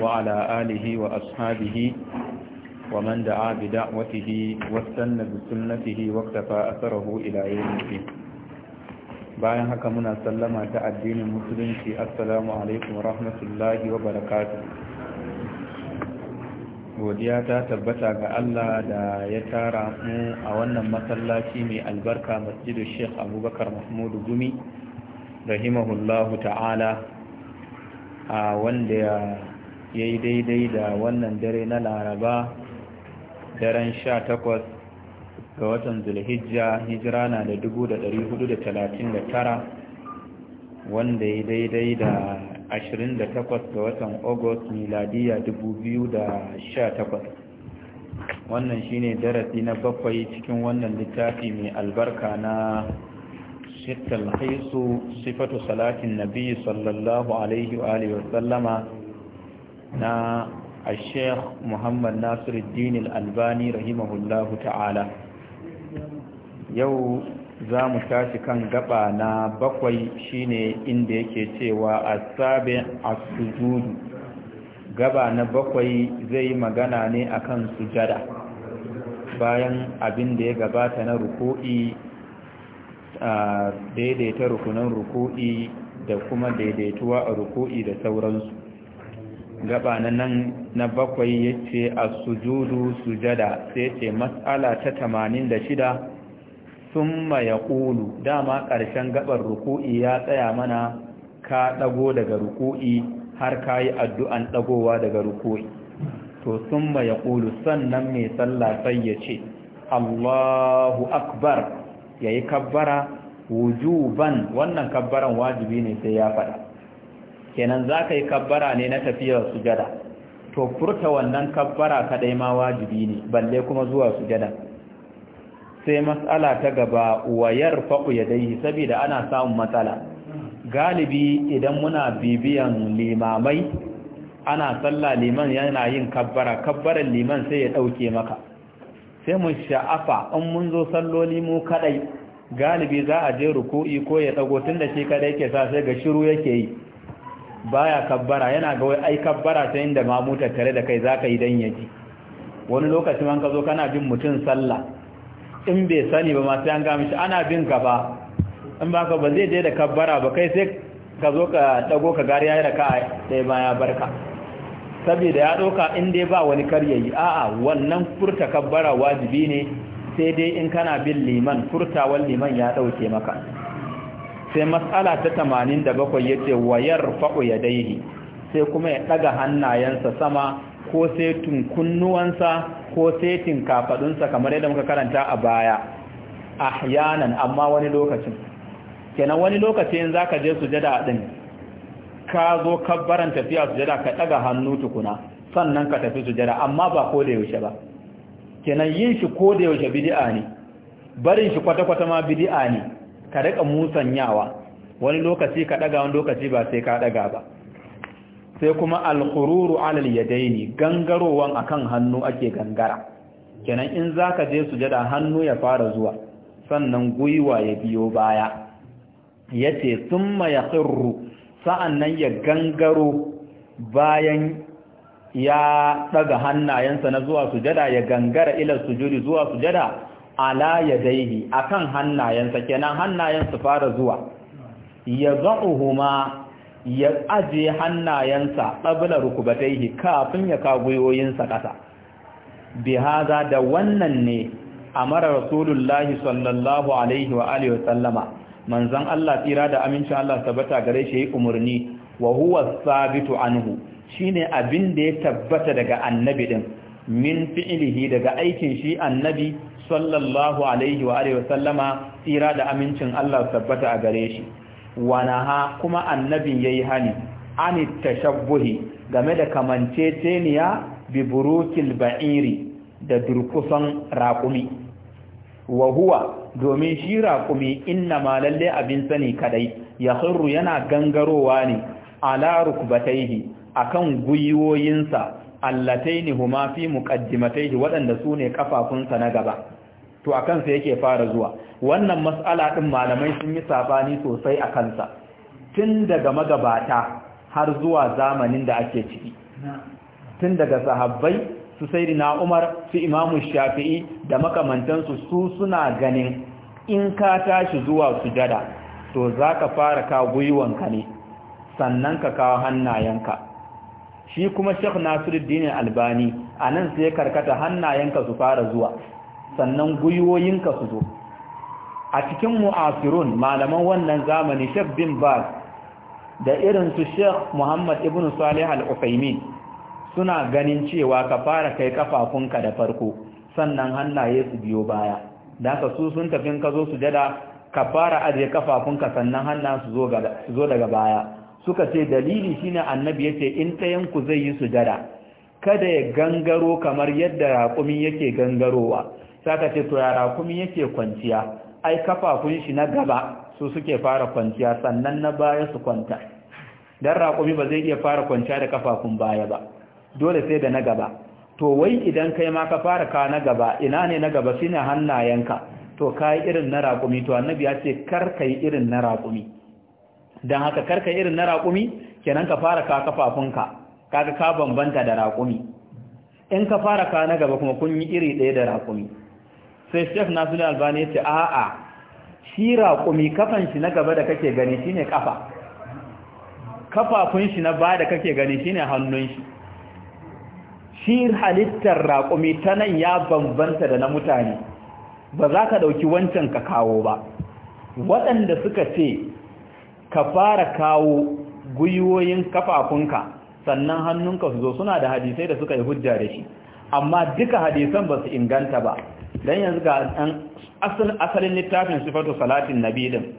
وعلى آله وأصحابه ومن دعا بدعوته واستنى بسنته واكتفى أثره إلى يوم الدين bayan haka muna sallama ta addinin musulunci assalamu alaikum rahmatullahi wa barakatuh godiya ta tabbata ga Allah da ya tara mu a wannan masallaci mai albarka masjidu Sheikh Abubakar Mahmud Gumi rahimahullahu ta'ala a wanda ya ya yi daidai da wannan dare na laraba daren sha takwas ga watan zulhijja hijira na da dubu da dari hudu da talatin da tara wanda ya daidai da ashirin da takwas ga watan august miladiya dubu biyu da sha takwas wannan shine darasi na bakwai cikin wannan littafi mai albarka na shittal haisu sifatu salatin nabi sallallahu alaihi wa alihi na الشيخ محمد muhammad الدين Albani رحمه الله ta'ala. Yau za mu tashi kan gaba na bakwai shine inda yake cewa a as-sujudu gaba na bakwai zai magana ne akan sujada bayan abin da ya gabata na ruku'i a daidaita rukunan ruku'i da kuma daidaituwa a ruku'i da sauransu gaba na nan na bakwai ya ce a sujudu sujada sai ce matsala ta tamanin da shida sun ya ƙulu dama ƙarshen gabar ruku'i ya tsaya mana ka ɗago daga ruku'i har ka yi addu'an ɗagowa daga ruku'i to sun ya ƙulu sannan mai sallah sai ya ce allahu akbar ya yi kabbara wujuban wannan kabbaran wajibi ne sai ya faɗa kenan za ka yi kabbara ne na tafiyar sujada to furta wannan kabbara kadai ma wajibi ne balle kuma zuwa sujada sai matsala ta gaba wayar faɓu ya dai saboda ana samun matsala galibi idan muna bibiyan limamai ana sallah liman yana yin kabbara kabbaran liman sai ya ɗauke maka sai mun sha'afa in mun zo salloli mu kadai galibi za a je ruku'i ko ya ɗago tun da shi kadai ke sa sai ga shiru yake yi baya kabbara yana ga wai ai kabbara ta inda ma mu tattare da kai zaka yi dan yaji wani lokaci man ka zo kana bin mutum sallah in bai sani ba ma sai an ga mishi ana bin ka ba in ba ka ba zai je da kabbara ba kai sai ka zo ka dago ka gari yayi raka'a sai ma ya barka saboda ya doka in dai ba wani karyayi a'a wannan furta kabbara wajibi ne sai dai in kana bin liman furta wal liman ya dauke maka sai matsala ta tamanin da 87 yace wayar fa'u yadaihi sai kuma ya ɗaga hannayensa sama ko setin kunnuwansa ko setin kafadunsa kamar yadda muka karanta a baya ahyanan amma wani lokacin kenan wani lokacin zaka je sujada din ka zo kabbaran tafiya sujada ka daga hannu tukuna sannan ka tafi sujada amma ba ko da yaushe ba kenan yin shi ko da yaushe bid'a ne barin shi kwata-kwata ma bid'a ne ka rika musanyawa wani lokaci ka ɗaga wani lokaci ba sai ka ɗaga ba sai kuma alkururu alal yadaini gangarowan akan hannu ake gangara kenan in zaka je sujada hannu ya fara zuwa sannan gwiwa ya biyo baya ya ce yace thumma yaqirru sa'annan ya gangaro bayan ya daga hannayensa na zuwa sujada ya gangara ila sujudi zuwa sujada ala ya yadaihi akan hannayensa kenan hannayen su fara zuwa ya za'uhuma ya aje hannayensa qabla rukubatayhi kafin ya ka gwiwoyinsa kasa bi hada da wannan ne amara rasulullahi sallallahu alaihi wa alihi wa sallama manzon Allah tsira da amincin Allah tabbata gare shi umurni wa huwa sabitu anhu shine abin da ya tabbata daga annabi din min fi'lihi daga aikin shi annabi sallallahu alaihi wa alihi wasallama tsira da amincin Allah tabbata a gare shi wa naha kuma annabin yayi hani ani tashabbuhi game da kamanceceniya bi burukil ba'iri da durkusan raƙumi wa huwa domin shi raƙumi inna ma lalle abin sani kadai ya khurru yana gangarowa ne ala rukbataihi akan gwiwoyinsa allataini huma fi muqaddimataihi waɗanda sune ne kafafunsa na gaba to a kansa yake fara zuwa wannan mas'ala ɗin malamai sun yi sabani sosai a kansa tun daga magabata har zuwa zamanin da ake ciki tun daga sahabbai su sai na umar su imamu shafi'i da makamantansu su suna ganin in ka tashi zuwa sujada to za ka fara ka gwiwonka ne sannan ka kawo hannayenka shi kuma sheikh nasiruddin albani a nan sai karkata hannayenka su fara zuwa sannan gwiwoyinka su zo a cikin mu'asirun malaman wannan zamani Sheikh bin Baz da irin su Sheikh Muhammad ibn Salih al-Uthaymeen suna ganin cewa ka fara kai kafafunka da farko sannan hannaye su biyo baya da ka su sun tafi ka zo ka fara aje kafafunka sannan hannan su zo daga baya suka ce dalili shine annabi yace in ta yanku zai yi su sujada kada ya gangaro kamar yadda raƙumi yake gangarowa saka ce to yara kuma yake kwanciya ai kafafun shi na gaba su suke fara kwanciya sannan na baya su kwanta dan raƙumi ba zai iya fara kwanciya da kafafun baya ba dole sai da na gaba to wai idan kai ma ka fara ka na gaba ina ne na gaba shine hannayenka to kai irin na raƙumi to annabi ya ce kar kai irin na raƙumi dan haka kar kai irin na raƙumi kenan ka fara ka kafafunka kaga ka bambanta da raƙumi in ka fara ka na gaba kuma kun yi iri ɗaya da raƙumi sai shef nasiru albani ya ce a'a shi raƙumi kafan shi na gaba da kake gani shine kafa kafafun shi na bada da kake gani shine hannun shi shi halittar raƙumi ta nan ya bambanta da na mutane ba za ka ɗauki wancan ka kawo ba waɗanda suka ce ka fara kawo gwiwoyin kafafunka sannan hannunka su zo suna da hadisai da suka yi hujja da shi amma duka hadisan ba su inganta ba dan yanzu ga an asalin littafin sifatu salatin nabi din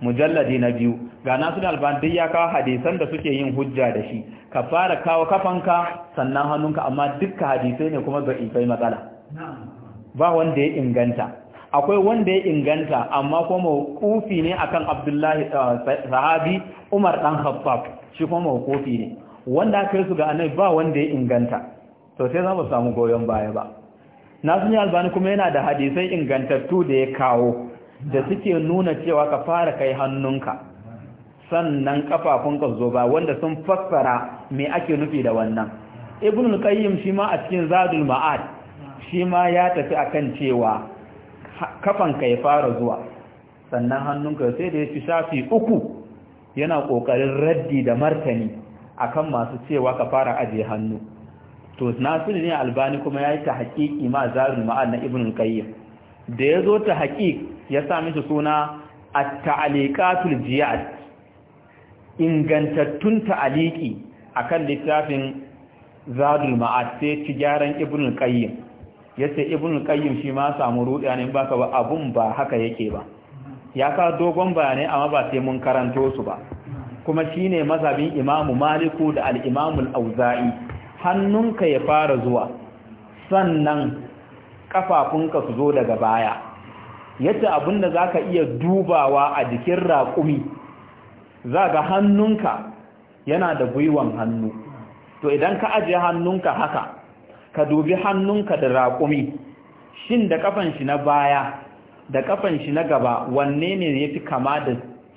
mujalladi na biyu ga nasu alban duk ya kawo hadisan da suke yin hujja da shi ka fara kawo kafanka sannan hannunka amma dukkan hadisai ne kuma ga ifai matsala ba wanda ya inganta akwai wanda ya inganta amma kuma kufi ne akan abdullahi eh, sahabi umar dan khaffaf shi kuma kufi ne wanda aka su ga annabi ba wanda ya inganta to sai za mu samu goyon baya ba nasu albani kuma yana da hadisai ingantattu da ya kawo da suke nuna cewa ka fara kai hannunka sannan kafafunka zo ba wanda sun fassara me ake nufi da wannan ibn al-qayyim shi ma a cikin zadul ma'ad shi ma ya tafi akan cewa kafanka ya fara zuwa sannan hannunka sai da ya ci shafi uku yana kokarin raddi da martani akan masu cewa ka fara ajiye hannu to nasiru ne albani kuma ya yi ta haƙiƙi ma zarin ma'ad na ibn qayyim da ya zo ta haƙiƙ ya sa mishi suna at-ta'liqatul jiyad ingantattun ta'liqi akan littafin zadul ma'ad sai ci gyaran ibn qayyim yace ibn qayyim shi ma samu rudiya ne baka ba abun ba haka yake ba ya ka dogon bayanai amma ba sai mun karanto su ba kuma shine mazhabin imamu maliku da al-imamu al-auza'i hannunka ya fara zuwa sannan kafafunka su zo daga baya yadda abinda za ka iya dubawa a jikin raƙumi za ga hannunka yana da gwiwan hannu to idan ka ajiye hannunka haka ka dubi hannunka da raƙumi shin da kafan shi na baya da kafan shi na gaba wanne ne ya fi kama da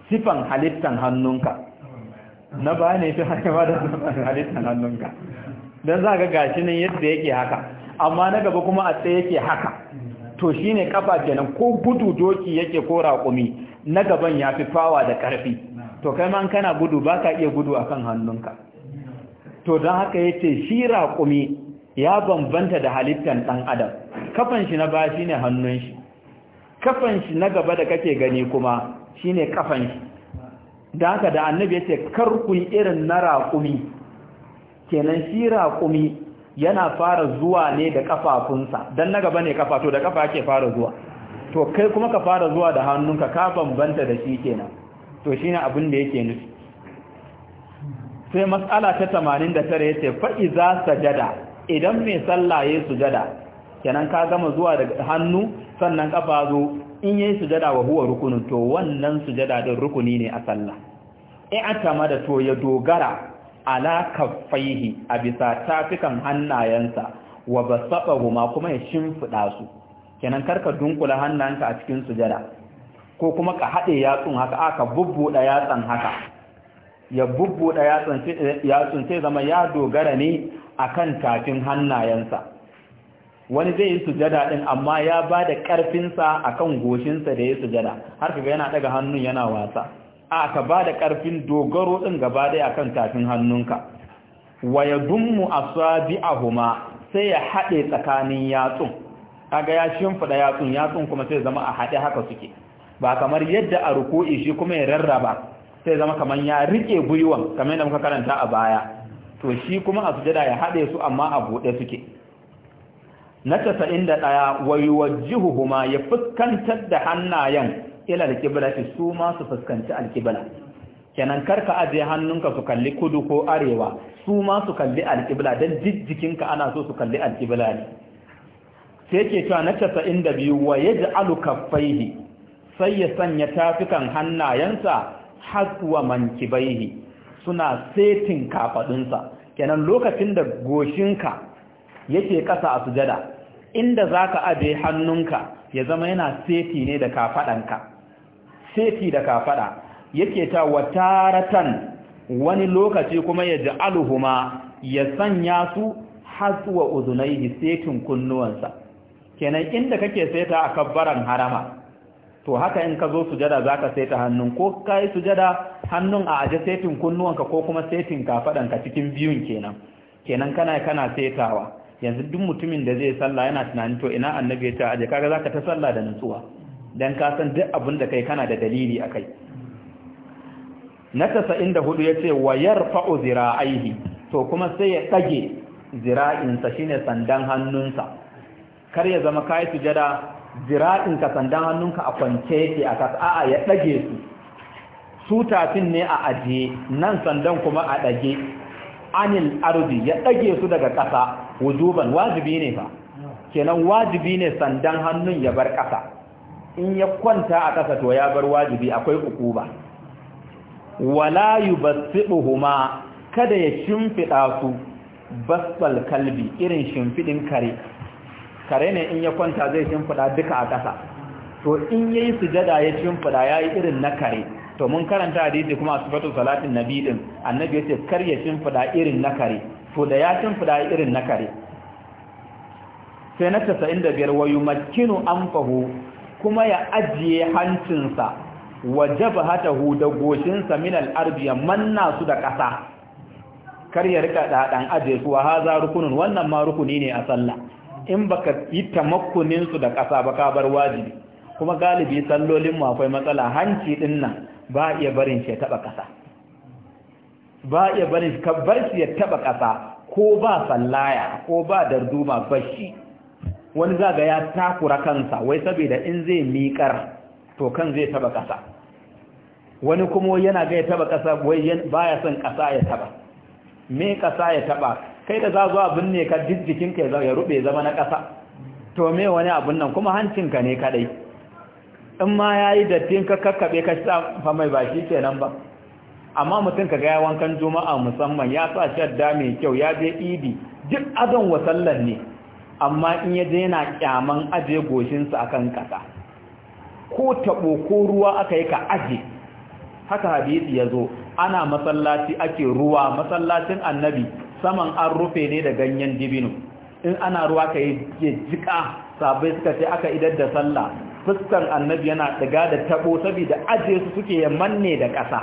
sifan halittan hannunka na baya ne ya fi kama da sifan halittan hannunka don za ga gashi nan yadda yake haka amma na gaba kuma a tsaye yake haka to shine ne kafa kenan ko gudu doki yake ko raƙumi na gaban ya fi fawa da ƙarfi to kai ma kana gudu ba ka iya gudu akan hannunka to don haka ya ce shi raƙumi ya bambanta da halittar ɗan adam kafan shi na baya shi ne hannun shi kafan shi na gaba da kake gani kuma shi ne kafan shi haka da annabi ya ce karkun irin na raƙumi kenan shi raƙumi yana fara zuwa ne da ƙafafunsa dan na gaba ne ƙafa to da kafa ake fara zuwa to kai kuma ka fara zuwa da hannunka ka bambanta da shi kenan to shine abin da yake nufi sai Mas'ala ta 89 ya ce fa'iza sajada idan mai sallah ya sujada kenan ka gama zuwa da hannu sannan ƙafa zo in yayi sujada wa huwa rukunin to wannan sujada din rukuni ne a sallah in an da to ya dogara ala kaffaihi a bisa tafikan hannayensa wa goma kuma ya shimfiɗa su kenan karka dunkula hannanka a cikin sujada ko kuma ka hade yatsun haka aka da yatsan haka ya bubbuda yatsun yatsun sai zama ya dogara ne akan tafin hannayensa wani zai yi sujada din amma ya ba da ƙarfinsa a kan goshinsa da ya sujada har kaga yana daga hannun yana wasa a ka ba da ƙarfin dogaro ɗin gaba ɗaya kan tafin hannunka wa ya dummu a sabi a huma sai ya haɗe tsakanin yatsun kaga ya shimfiɗa yatsun yatsun kuma sai zama a haɗe haka suke ba kamar yadda a ruku shi kuma ya rarraba sai zama kamar ya riƙe gwiwan kamar yadda muka karanta a baya to shi kuma a sujada ya haɗe su amma a buɗe suke na casa'in da ɗaya wa huma ya fuskantar da hannayen ila kibla ce su ma su fuskanci alkibla kenan karka aje hannunka su kalli kudu ko arewa su ma su kalli alkibla don jijjikinka ana so su kalli alkibla ne sai ke cewa na casa'in da biyu wa ya ji alukaffaihi sai ya sanya tafikan hannayensa hatsuwa mankibaihi suna setin kafaɗinsa kenan lokacin da goshinka yake ƙasa a sujada inda za ka aje hannunka ya zama yana seti ne da kafaɗanka seti da kafada yake ta wataratan wani lokaci kuma ya ja'aluhuma ya sanya su hasuwa uzunaihi setin kunnuwansa kenan inda kake seta a kabbaran harama to haka in ka zo sujada zaka seta hannun ko kai sujada hannun a aje setin kunnuwanka ko kuma setin kafadanka cikin biyun kenan kenan kana kana setawa yanzu duk mutumin da zai sallah yana tunanin to ina annabi ya ta aje kaga zaka ta salla da nutsuwa dan ka san duk abin da kai kana da dalili a kai. na 94 yace wa yarfa'u zira'aihi to kuma sai ya dage zira'insa shine sandan hannunsa kar ya zama kai sujada zira'inka sandan hannunka a kwance yake a kas a'a ya dage su su tafin ne a ajiye nan sandan kuma a dage anil arzi ya dage su daga ƙasa wujuban wajibi ne fa kenan wajibi ne sandan hannun ya bar ƙasa in ya kwanta a ƙasa to ya bar wajibi akwai ukuba wala yubsiduhuma kada ya shimfida su basbal kalbi irin shimfidin kare kare ne in ya kwanta zai shimfida duka a ƙasa to in yayi sujada ya shimfida yayi irin na kare to mun karanta hadisi kuma sifatu salatin nabi din annabi yace kar ya shimfida irin na kare to da ya shimfida irin na kare sai na 95 wayu makkinu anfahu kuma ya ajiye hancinsa wajaba hata da goshinsa min al'arbi ya manna su da ƙasa kar ya rika ɗaɗan ajiye su wa haza rukunin wannan ma rukuni ne a sallah in baka yi tamakkunin su da ƙasa ba ka bar wajibi kuma galibi sallolin mu akwai matsala hanci din nan ba iya barin shi ya taɓa ƙasa ba iya barin ka bar shi ya taba ƙasa ko ba sallaya ko ba darduma bashi wani zaga ya takura kansa wai saboda in zai miƙar to kan zai taba ƙasa wani kuma yana ga ya taba ƙasa wai baya son ƙasa ya taba me ƙasa ya taba kai da za zo abin ne ka jijjikin ka ya rube zama na ƙasa to me wani abin nan kuma hancinka ne kadai in ma yayi yi dattin ka kakkaɓe ka sa mai ba shi kenan ba amma mutum ka ga ya wankan juma'a musamman ya sa shadda mai kyau ya je idi duk adon wasallan ne amma in ya je daina kyaman aje goshinsa akan ƙasa ko taɓo ko ruwa aka yi ka aje haka hadisi ya zo ana masallaci ake ruwa masallacin annabi saman an rufe ne da ganyen dibino in ana ruwa ka yi jika sabai suka ce aka idar da sallah fuskan annabi yana daga da taɓo saboda aje su suke ya manne da ƙasa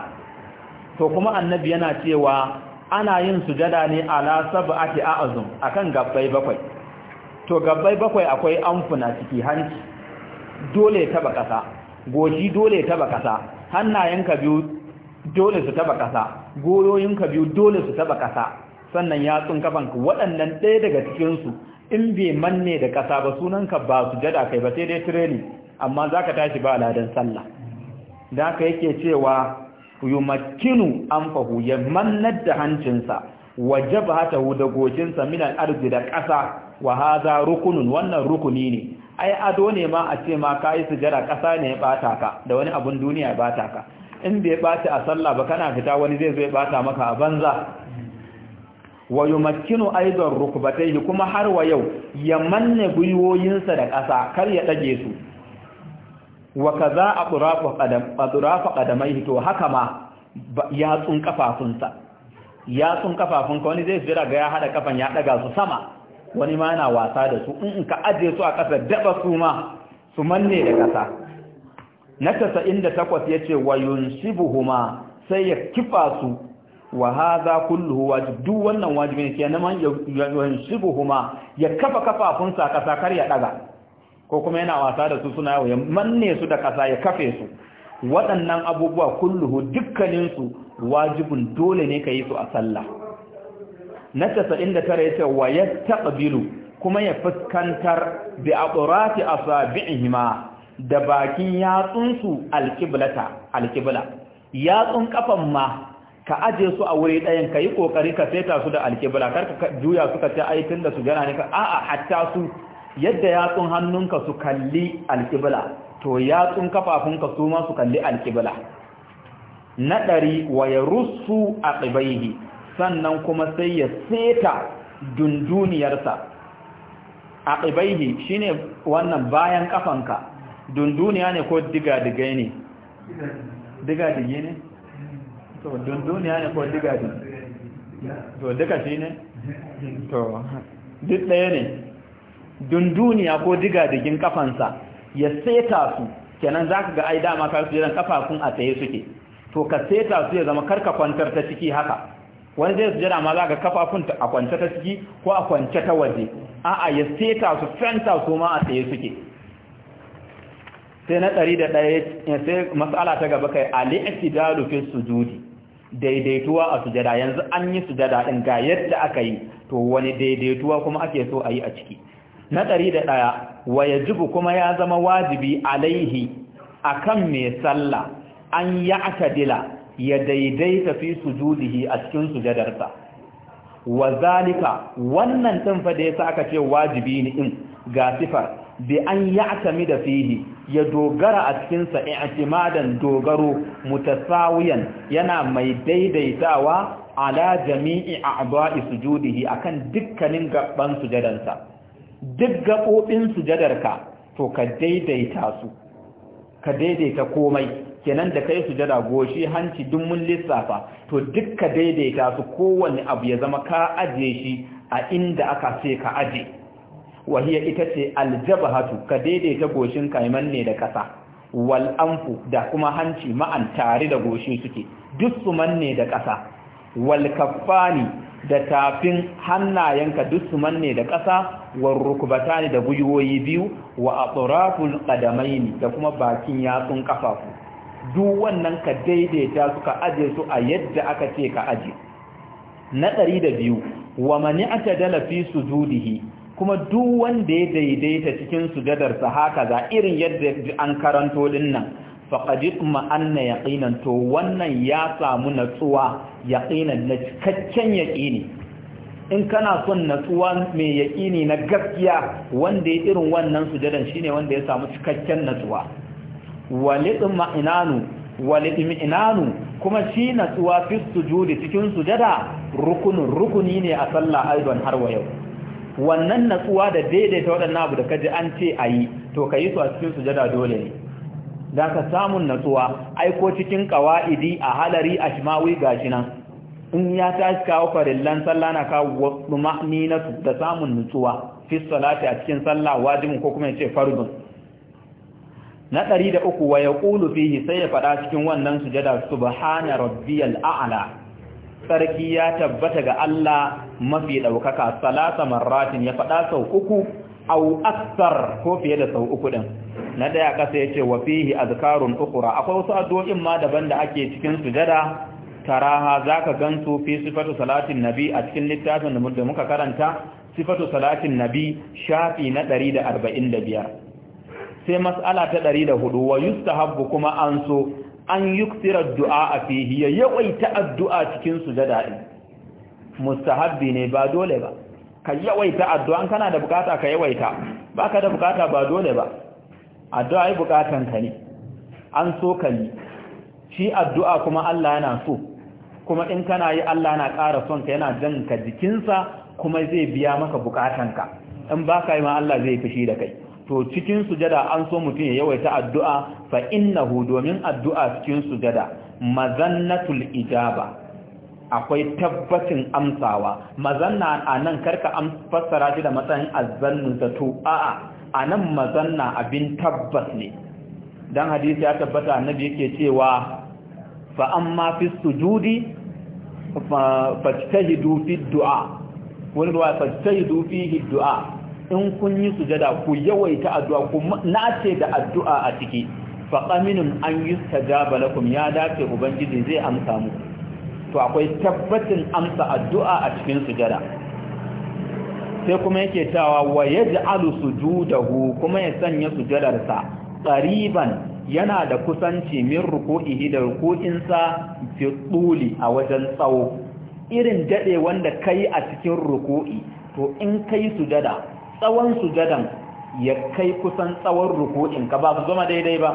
to kuma annabi yana cewa ana yin sujada ne ala sab'ati a'zum akan gabbai bakwai to gabbai bakwai akwai amfuna ciki hanci dole ya taba ƙasa Goji dole ya taba ƙasa hannayenka biyu dole su taba ƙasa goyoyinka biyu dole su taba ƙasa sannan yatsun kafanka waɗannan ɗaya daga cikinsu in bai manne da ƙasa ba sunanka ba su jada kai ba sai dai tireni amma za ka tashi ba ladan sallah da ka yake cewa yumakkinu anfahu ya mannar da hancinsa wajab hata da goshinsa min al-ardi da ƙasa wa rukunin wannan rukuni ne ai ado ne ma a ce ma kai sujada ƙasa ne ya ɓata ka da wani abun duniya ya bata ka in bai bata a sallah ba kana fita wani zai zo ya bata maka a banza wa yumakkinu aidan rukbatayhi kuma har wa yau ya manne gwiwoyinsa da ƙasa kar ya dage su wa kaza aqrafu qadam aqrafu qadamaihi to haka ma yatsun kafafunsa ya sun kafafun ka wani zai zira ga ya hada kafan ya daga su sama wani ma yana wasa da su in ka aje su a kasa daba su ma su manne da kasa na 98 yace wayunshibuhuma sai ya kifa su wa hadha kulluhu wajib duk wannan wajibin kenan man yunshibuhuma ya kafa kafafun sa kasa kar ya daga ko kuma yana wasa da su suna ya manne su da kasa ya kafe su waɗannan abubuwa kulluhu dukkaninsu wajibin dole ne ka yi su a sallah na da ya ce wa yastaqbilu kuma ya fuskantar bi aqrati hima da bakin yatsunsu alqiblata yatsun kafan ma ka aje su a wuri ɗayan ka yi ƙoƙari ka seta su da alƙibla kar ka juya suka ce ai da su gana ne ka a'a hatta su yadda yatsun hannunka su kalli alƙibla to yatsun kafafunka su ma su kalli alƙibla na ɗari wa ya rusu a ƙibaihi sannan kuma sai ya seta dunduniyarsa a ƙibaihi shi ne wannan bayan ƙafanka dunduniya ne ko diga-digai ne diga-digai ne? to dunduniya ne ko diga-digai to duka shi ne? to duk ɗaya ne dunduniya ko diga-digin ƙafansa ya seta su kenan za ka ga ai dama karsu jiran ƙafafun a tsaye suke to ka seta su ya zama karka kwantar ta ciki haka wani zai sujada ma za ka kafafun a kwance ta ciki ko a kwance ta waje a'a ya seta su fenta su ma a tsaye suke sai na ɗari da ɗaya sai matsala ta gaba kai "Ali ali'ati rufe su sujudi daidaituwa a sujada yanzu an yi sujada ɗin ga yadda aka yi to wani daidaituwa kuma ake so a yi a ciki na ɗari da ɗaya wa kuma ya zama wajibi alaihi akan mai sallah an ya dila ya daidaita fi sujudihi a cikin sujadarsa wa zalika wannan din fada da yasa aka ce wajibi ne in ga sifar bi an da fihi ya dogara a cikin sa i'timadan dogaro mutasawiyan yana mai daidaitawa ala jami'i a'dha'i sujudihi akan dukkanin gaban sujadarsa duk gabobin sujadarka to ka daidaita su ka daidaita komai kenan da kai sujada goshi hanci duk mun lissafa to dukka daidaita su kowanne abu ya zama ka aje shi a inda aka ce ka aje wahiya ita ce aljabahatu ka daidaita goshin kaiman ne da ƙasa wal anfu da kuma hanci ma'an tare da goshin suke duk su manne da ƙasa wal kaffani da tafin hannayenka duk su manne da ƙasa war rukbatani da gwiwoyi biyu wa atraful qadamaini da kuma bakin yatsun kafafu duk wannan ka daidaita su ka aje su a yadda aka ce ka aje na ɗari da biyu wa mani aka dala fi su zudihi kuma duk wanda ya daidaita cikin sa haka za irin yadda an karanto din nan faƙaji ma'anna yaƙinan to wannan ya samu natsuwa yaƙinan na cikakken yaƙini in kana son natsuwa mai yaƙini na gaskiya wanda ya irin wannan sujadan shine wanda ya samu cikakken natsuwa walidma'inanu kuma shi natsuwa fi sujudi cikin sujada rukunin rukuni ne a sallah aidan har wa yau wannan natsuwa da daidaita waɗannan abu da kaji an ce a yi to ka yi su a cikin sujada dole ne da ka samun natsuwa aiko cikin kawa'idi a halari a shimawi gashi nan in ya tashi kawo farillan sallah na kawo ma'ani na da samun nutsuwa fi salati a cikin sallah wajibin ko kuma ya ce fardun na ɗari da uku wa ya ƙulu fihi sai ya faɗa cikin wannan sujada subhana rabbiyal a'la sarki ya tabbata ga Allah mafi ɗaukaka salasa marratin ya faɗa sau uku au aksar ko fiye da sau uku ɗin na ɗaya ƙasa ya ce wa fihi azkarun ukura akwai wasu addu'o'in ma daban da ake cikin sujada taraha zaka gansu fi sifatu salatin nabi a cikin littafin da muka karanta sifatu salatin nabi shafi na ɗari da arba'in da biyar sai mas'ala ta 104 wa yustahabbu kuma an so an yuktira du'a fihi ya yawaita addu'a cikin sujada din mustahabbi ne ba dole ba ka yawaita addu'a kana da bukata ka yawaita baka da bukata ba dole ba addu'a ai bukatan ka ne an so ka yi shi addu'a kuma Allah yana so kuma in kana yi Allah na ƙara son ka yana jan ka jikinsa kuma zai biya maka bukatanka in ba ka yi ma Allah zai fishi da kai to cikin sujada an so mutum ya yawaita addu'a fa innahu domin addu'a cikin sujada mazannatul ijaba akwai tabbacin amsawa mazanna a nan karka an fassara shi da matsayin azannu da a'a a nan mazanna abin tabbas ne dan hadisi ya tabbata annabi yake cewa fa amma fi sujudi fa tajidu fi du'a wani ruwa fa tajidu fihi du'a in kun yi sujada ku yawaita addu'a ku nace da addu'a a ciki fa qaminun an yustajaba lakum ya dace ubangiji zai amsa mu to akwai tabbatin amsa addu'a a cikin sujada sai kuma yake cewa wa yaj'alu sujudahu kuma ya sanya sujadarsa qariban yana da kusanci min ruku'ihi da sa fi tsuli a wajen tsawo irin dade wanda kai a cikin ruku'i to in kai sujada tsawon sujadan ya kai kusan tsawon ruku'in ka ba su zama daidai ba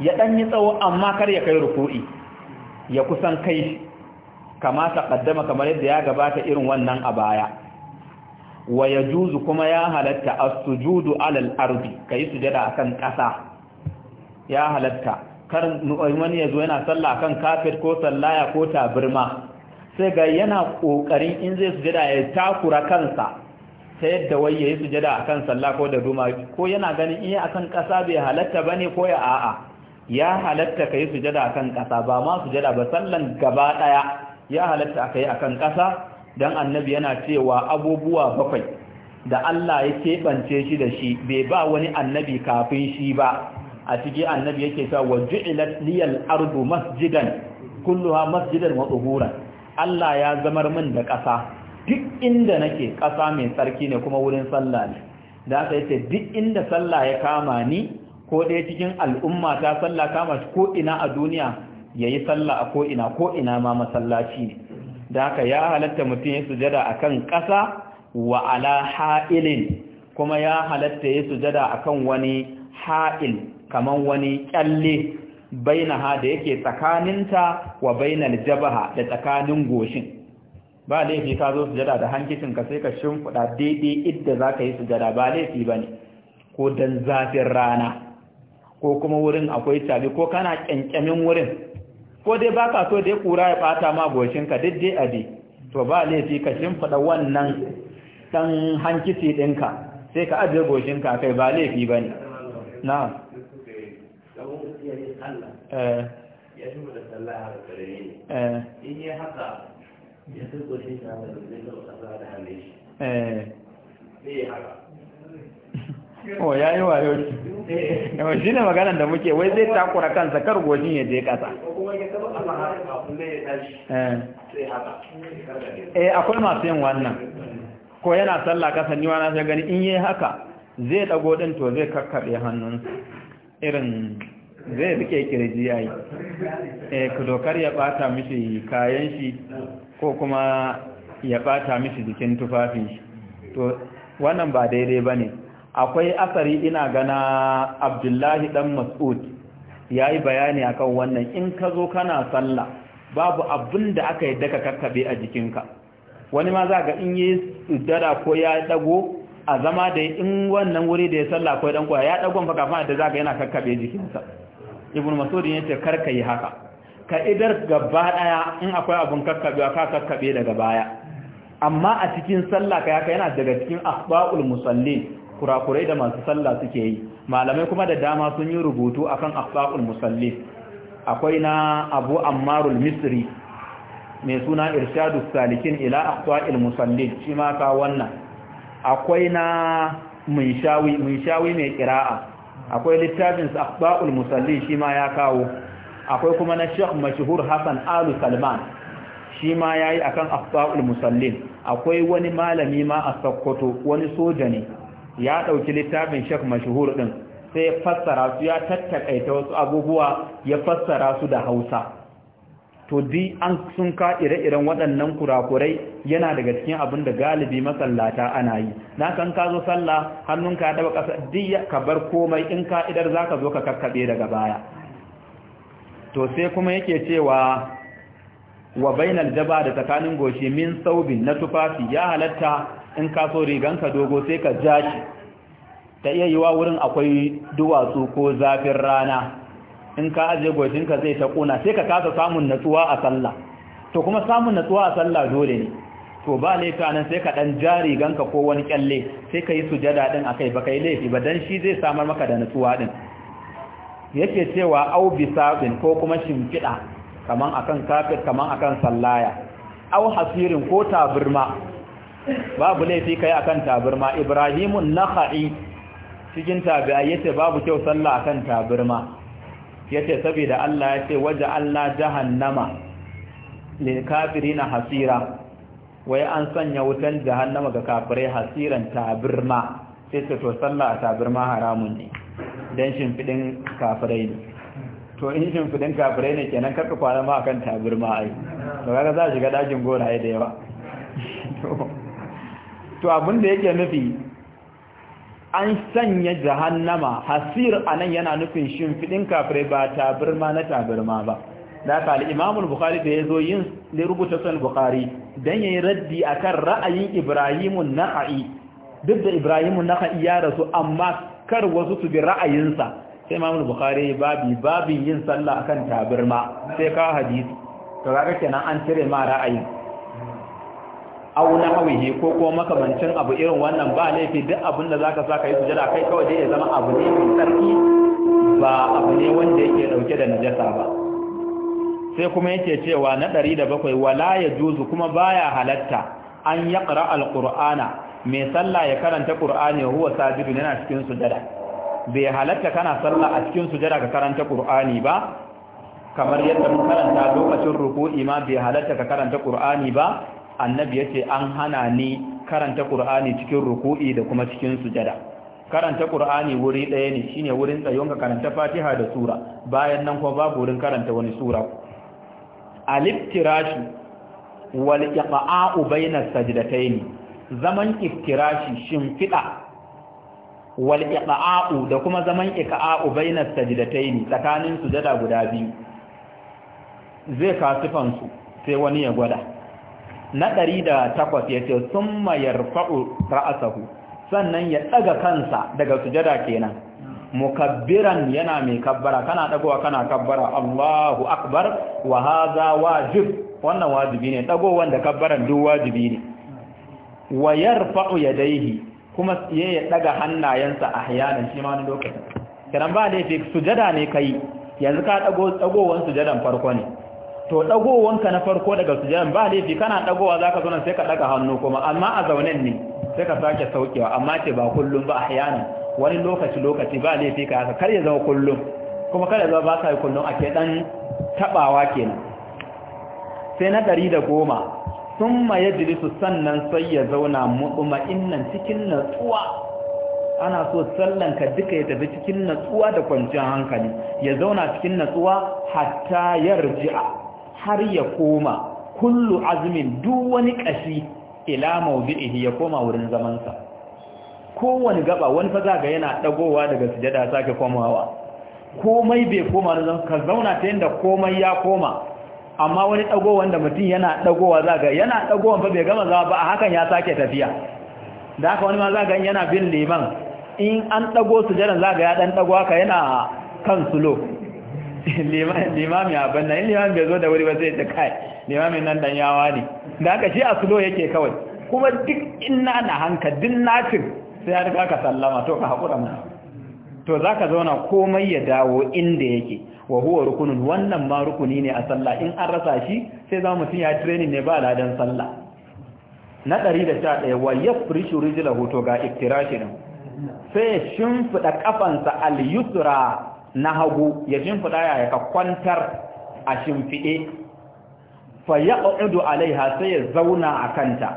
ya dan yi tsawo amma kar ya kai ruku'i ya kusan kai kama ƙaddama kamar yadda ya gabata irin wannan a baya wa yajuzu kuma ya halatta as-sujudu 'ala al-ardi kai sujada akan ƙasa ya halatta kar wani ya zo yana sallah kan kafir ko sallaya ko tabirma sai ga yana kokarin in zai sujada ya takura kansa ta yadda wai ya yi sujada a kan sallah ko da duma ko yana ganin iya eh akan ƙasa bai halatta ba ne ko ya a'a ya halatta ka yi sujada a kan ƙasa ba ma sujada ba sallan gaba ɗaya ya halatta a kan ƙasa. dan annabi yana cewa abubuwa bakwai da Allah ya keɓance shi da shi bai ba wani annabi kafin shi ba a cikin annabi yake cewa wajilat liyal ardu masjidan kulluha masjidan wa Allah ya zamar min da ƙasa duk inda nake ƙasa mai tsarki ne kuma wurin sallah ne da aka yace duk inda sallah ya kama ni ko dai cikin al'umma ta sallah kama shi ko ina a duniya yayi sallah a ko ina ko ina ma masallaci ne da aka ya halatta mutum ya sujada akan ƙasa wa ala ha'ilin kuma ya halatta ya sujada akan wani ha'il kaman wani kyalle bainaha da yake tsakaninta wa bainal jabaha da tsakanin goshin ba laifi ka zo sujada da hankicin ka sai ka shimfiɗa daidai idda za ka yi sujada ba laifi ba ne ko don zafin rana ko kuma wurin akwai tabi ko kana ƙyanƙyamin wurin ko dai ba ka so dai ƙura ya ɓata ma goshinka duk dai a to ba laifi ka shimfiɗa wannan ɗan hankici ɗinka sai ka ajiye goshinka kai ba laifi ba ne Eh. o eh. oh, ya yi wayo shi oh, shi ne maganar da muke wai zai takura kansa kar gojin ya je kasa eh. eh akwai masu yin wannan ko yana sallah kasa ni wani gani in yi haka zai dago din to zai kakkaɓe hannun irin zai rike kirji yayi eh ku ya bata mishi kayan shi ko kuma ya bata mishi jikin tufafi to wannan ba daidai ba ne akwai asari ina gana abdullahi dan mas'ud ya yi bayani akan wannan in ka zo kana salla babu abin da aka yadda ka kakkabe a jikinka wani ma za ga in yi dara ko ya dago a zama da in wannan wuri da ya sallah ko dan kuwa ya dagon fa kafin da za ga yana kakkabe jikinsa ibn mas'ud ya ce ka yi haka Ka'idar idar gaba daya in akwai abun kakkaɓe ka kakkabe daga baya amma a cikin sallah ka yaka yana daga cikin akhbaul musallin kurakurai da masu sallah suke yi malamai kuma da dama sun yi rubutu akan akhbaul musallin akwai na Abu Ammarul Misri mai suna Irshadu Salikin ila akhbaul musallin shi ma ka wannan akwai na munshawi munshawi mai qira'a akwai littafin akhbaul musallin shi ma ya kawo akwai kuma na Sheikh Mashhur hasan Alu Salman shi ma yayi akan afsaul musallin akwai wani malami ma a Sokoto wani soja ne ya dauki littafin Sheikh Mashhur din sai ya fassara su ya tattakaita wasu abubuwa ya fassara su da Hausa to di an sun ka ire-iren waɗannan kurakurai yana daga cikin abin da galibi masallata ana yi na kan ka zo sallah hannunka ya taba ƙasa di ka bar komai in ka idar zaka zo ka kakkaɓe daga baya to sai kuma yake cewa wa bainal daba da tsakanin goshi min saubin na tufafi ya halatta in ka so riganka dogo sai ka ja shi ta iya yiwa wurin akwai duwatsu ko zafin rana in ka aje goshinka zai ta kuna sai ka kasa samun natsuwa a sallah to kuma samun natsuwa a sallah dole ne to ba laifi nan sai ka dan ja riganka ko wani kyalle sai ka yi sujada din akai ba kai laifi ba dan shi zai samar maka da natsuwa din yake cewa au bisabin ko kuma shimfiɗa kaman akan kafir kaman akan sallaya au hasirin ko taburma babu laifi kai akan tabirma ibrahimun nakhai cikin tabi'a yace babu kyau sallah akan taburma yace saboda Allah yace waja Allah jahannama lil kafirina hasira wai an sanya wutan jahannama ga kafirai hasiran taburma sai to sallah a taburma haramun ne don shimfiɗin kafirai ne to in shimfiɗin kafirai ne kenan karka kwana ma akan taburma ai to kaga za a shiga ɗakin goraye da yawa to abin da yake nufi an sanya jahannama hasir anan yana nufin shimfiɗin kafirai ba taburma na taburma ba da ka al'imamul bukari da ya zo yin da rubuta sun bukari don ya yi raddi a kan ra'ayin ibrahimun na'a'i duk da ibrahimun na'a'i ya rasu amma kar wasu su bi ra'ayinsa sai Imam Bukhari babi babin yin sallah akan tabirma sai ka hadisi to kaga kenan an cire ma ra'ayin aw na hawihi ko ko makamancin abu irin wannan ba laifi duk abin da zaka saka yi sujada kai kawai dai ya zama abu ne mai tsarki ba abu ne wanda yake dauke da najasa ba sai kuma yake cewa na 107 wala ya yajuzu kuma baya halatta an yaqra alqur'ana mai sallah ya karanta ya huwa sajidu yana cikin sujada bai halatta kana sallah a cikin sujada ka karanta qur'ani ba kamar yadda mun karanta lokacin ruku'i ma bai halatta ka karanta qur'ani ba annabi ya ce an hana ni karanta ƙur'ani cikin ruku'i da kuma cikin sujada karanta ƙur'ani wuri ɗaya ne shine wurin tsayon ka karanta fatiha da sura bayan nan kuma babu wurin karanta wani sura aliftirashi wal iqa'u bainas sajdatayn zaman iftirashi shimfiɗa wal iqa'u da kuma zaman iqa'u bainas sajdataini tsakanin sujada guda biyu zai kasifan su sai wani ya gwada na 108 yace summa yarfa'u ra'sahu sannan ya daga kansa daga sujada kenan mukabbiran yana mai kabbara kana dagowa kana kabbara Allahu akbar wa hadha wajib wannan wajibi ne dagowa da kabbaran duk wajibi ne wa yarfa'u yadayhi kuma ya daga hannayensa a ahyanan shi ma wani lokacin kiran ba da yake sujada ne kai yanzu ka dago dagowan sujadan farko ne to dagowanka na farko daga sujadan ba da yake kana dagowa zaka zo nan sai ka daga hannu kuma amma a zaunen ne sai ka sake saukewa amma ce ba kullum ba a ahyanan wani lokaci lokaci ba laifi ka haka kar ya zama kullum kuma kar ya zama ba ka yi kullum ake dan tabawa kenan sai na 110 sun ma ya jilisu sannan sai ya zauna mutuma'innan cikin natsuwa ana so sallanka duka ya tafi cikin natsuwa da kwanciyar hankali ya zauna cikin natsuwa hatta ya rji'a har ya koma kullu azumin duk wani ƙashi ila maudu'ihi ya koma wurin zamansa kowane gaba wani fa ga yana dagowa daga sujada sake komawa komai bai koma na ka zauna ta yadda komai ya koma amma wani dagowan da mutum yana dagowa ga yana dagowan ba bai gama zawa ba a hakan ya sake tafiya da haka wani ma za ga yana bin liman in an dago za ga ya dan dago haka yana kan sulo limami a banna in limami bai zo da wuri ba sai ta kai limamin nan dan yawa ne da haka shi a sulo yake kawai kuma duk ina na hanka duk nacin sai ya riga ka sallama to ka haƙura mu to zaka zauna komai ya dawo inda yake wa huwa rukunun wannan ma rukuni ne a sallah in an rasa shi sai za mu ya training ne ba ladan sallah na 111 wa yafrishu rijlahu to ga iftirashin nan sai shimfida kafansa al-yusra na hagu ya shimfida ya ka kwantar a shimfide fa yaqudu alaiha sai ya zauna a kanta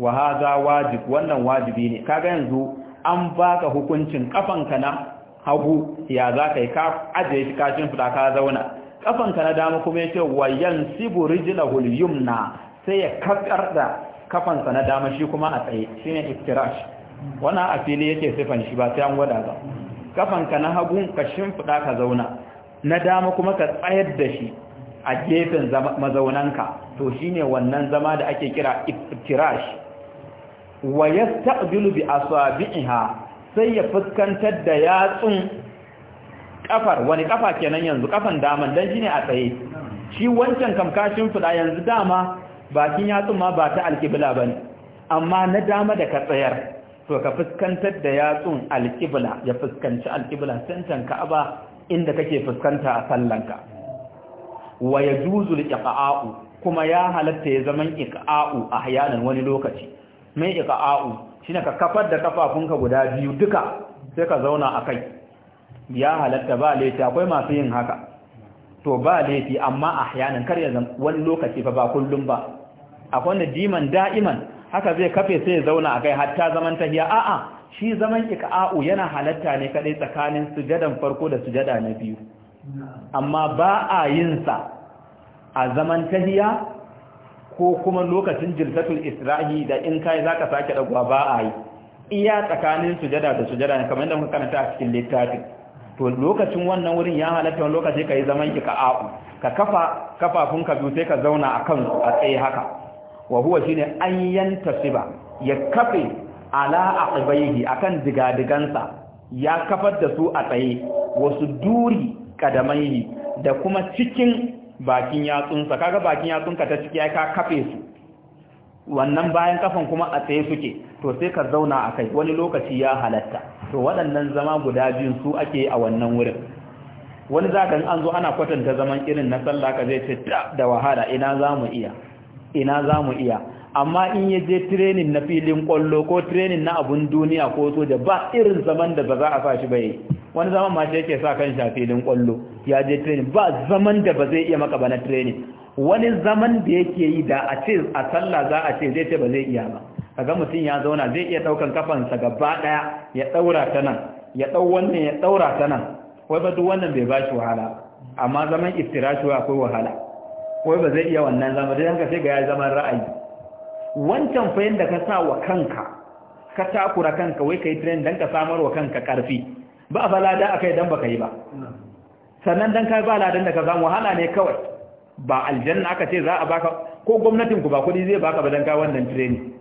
wa hadha wajib wannan wajibi ne kaga yanzu an baka hukuncin kafanka na hagu ya za ka yi ka ajiye shi kashin fita ka zauna kafanka na dama kuma ya ce wa rijila rijlahul yumna sai ya kafar da ka na dama shi kuma a tsaye shine iftirash wani a fili yake sifan shi ba sai an gwada ba ka na hagu ka shimfida ka zauna na dama kuma ka tsayar da shi a gefen mazaunanka to shine wannan zama da ake kira iftirash wa yastaqbilu bi asabi'ha sai ya fuskantar da yatsun kafar wani kafa kenan yanzu kafan daman dan shine a tsaye shi wancan kamkashin fuda yanzu dama bakin yatsun ma ba ta ba bane amma na dama da ka tsayar to ka fuskantar da yatsun alkibla ya fuskanci alkibla tantan ka'aba inda kake fuskanta a sallanka wa yajuzu liqa'u kuma ya halatta ya zaman iqa'u ahyanan wani lokaci mai shi shine ka kafar da kafafunka guda biyu duka sai ka zauna a kai. ya halatta ba laifi akwai masu yin haka to ba laifi amma ahyanan kar ya zama wani lokaci fa ba kullum ba akwai wanda diman da'iman haka zai kafe sai ya zauna a kai. hatta zaman tahiya a'a shi zaman a'u yana halatta ne kadai tsakanin sujadan farko da sujada na biyu amma ba a yin sa a zaman tahiya ko kuma lokacin jiltatul isra'i da in kai zaka sake da ba a yi iya tsakanin sujada da sujada ne kamar yadda muka karanta a cikin littafin to lokacin wannan wurin ya halatta wani lokaci ka yi zaman ki ka a'u ka kafa kafafun ka biyu sai ka zauna a kan a tsaye haka wa huwa shine an yanta ya kafe ala aqbayhi akan digadigansa ya kafar da su a tsaye wasu duri kadamaihi da kuma cikin bakin yatsunsa kaga bakin yatsunka ta ciki ya ka kafe su wannan bayan kafan kuma a tsaye suke to sai ka zauna a kai wani lokaci ya halatta to waɗannan zama guda biyun su ake a wannan wurin wani za ka an zo ana kwatanta zaman irin na sallah ka zai ce da wahala ina za iya ina za mu iya amma in ya je training na filin kwallo ko training na abun duniya ko soja ba irin zaman da ba za a fashi shi bai wani zaman ma shi yake sa kan shi a filin kwallo ya je training ba zaman da ba zai iya maka ba na training wani zaman da yake yi da a ce a sallah za a ce zai ce ba zai iya ba kaga mutum ya zauna zai iya daukan kafansa gaba daya ya daura ta nan ya dau wannan ya daura ta nan wai ba duk wannan bai bashi wahala amma zaman iftirashi akwai wahala wai ba zai iya wannan zama dai haka sai ga ya zaman ra'ayi wancan fayin da ka sa wa kanka ka takura kanka wai ka yi train don ka samar wa kanka ƙarfi ba a falada a kai don ba ka yi ba sannan don ka ba ladan da ka zama wahala ne kawai ba aljanna aka ce za a baka ko gwamnatinku ba kuɗi zai baka ba don ka wannan training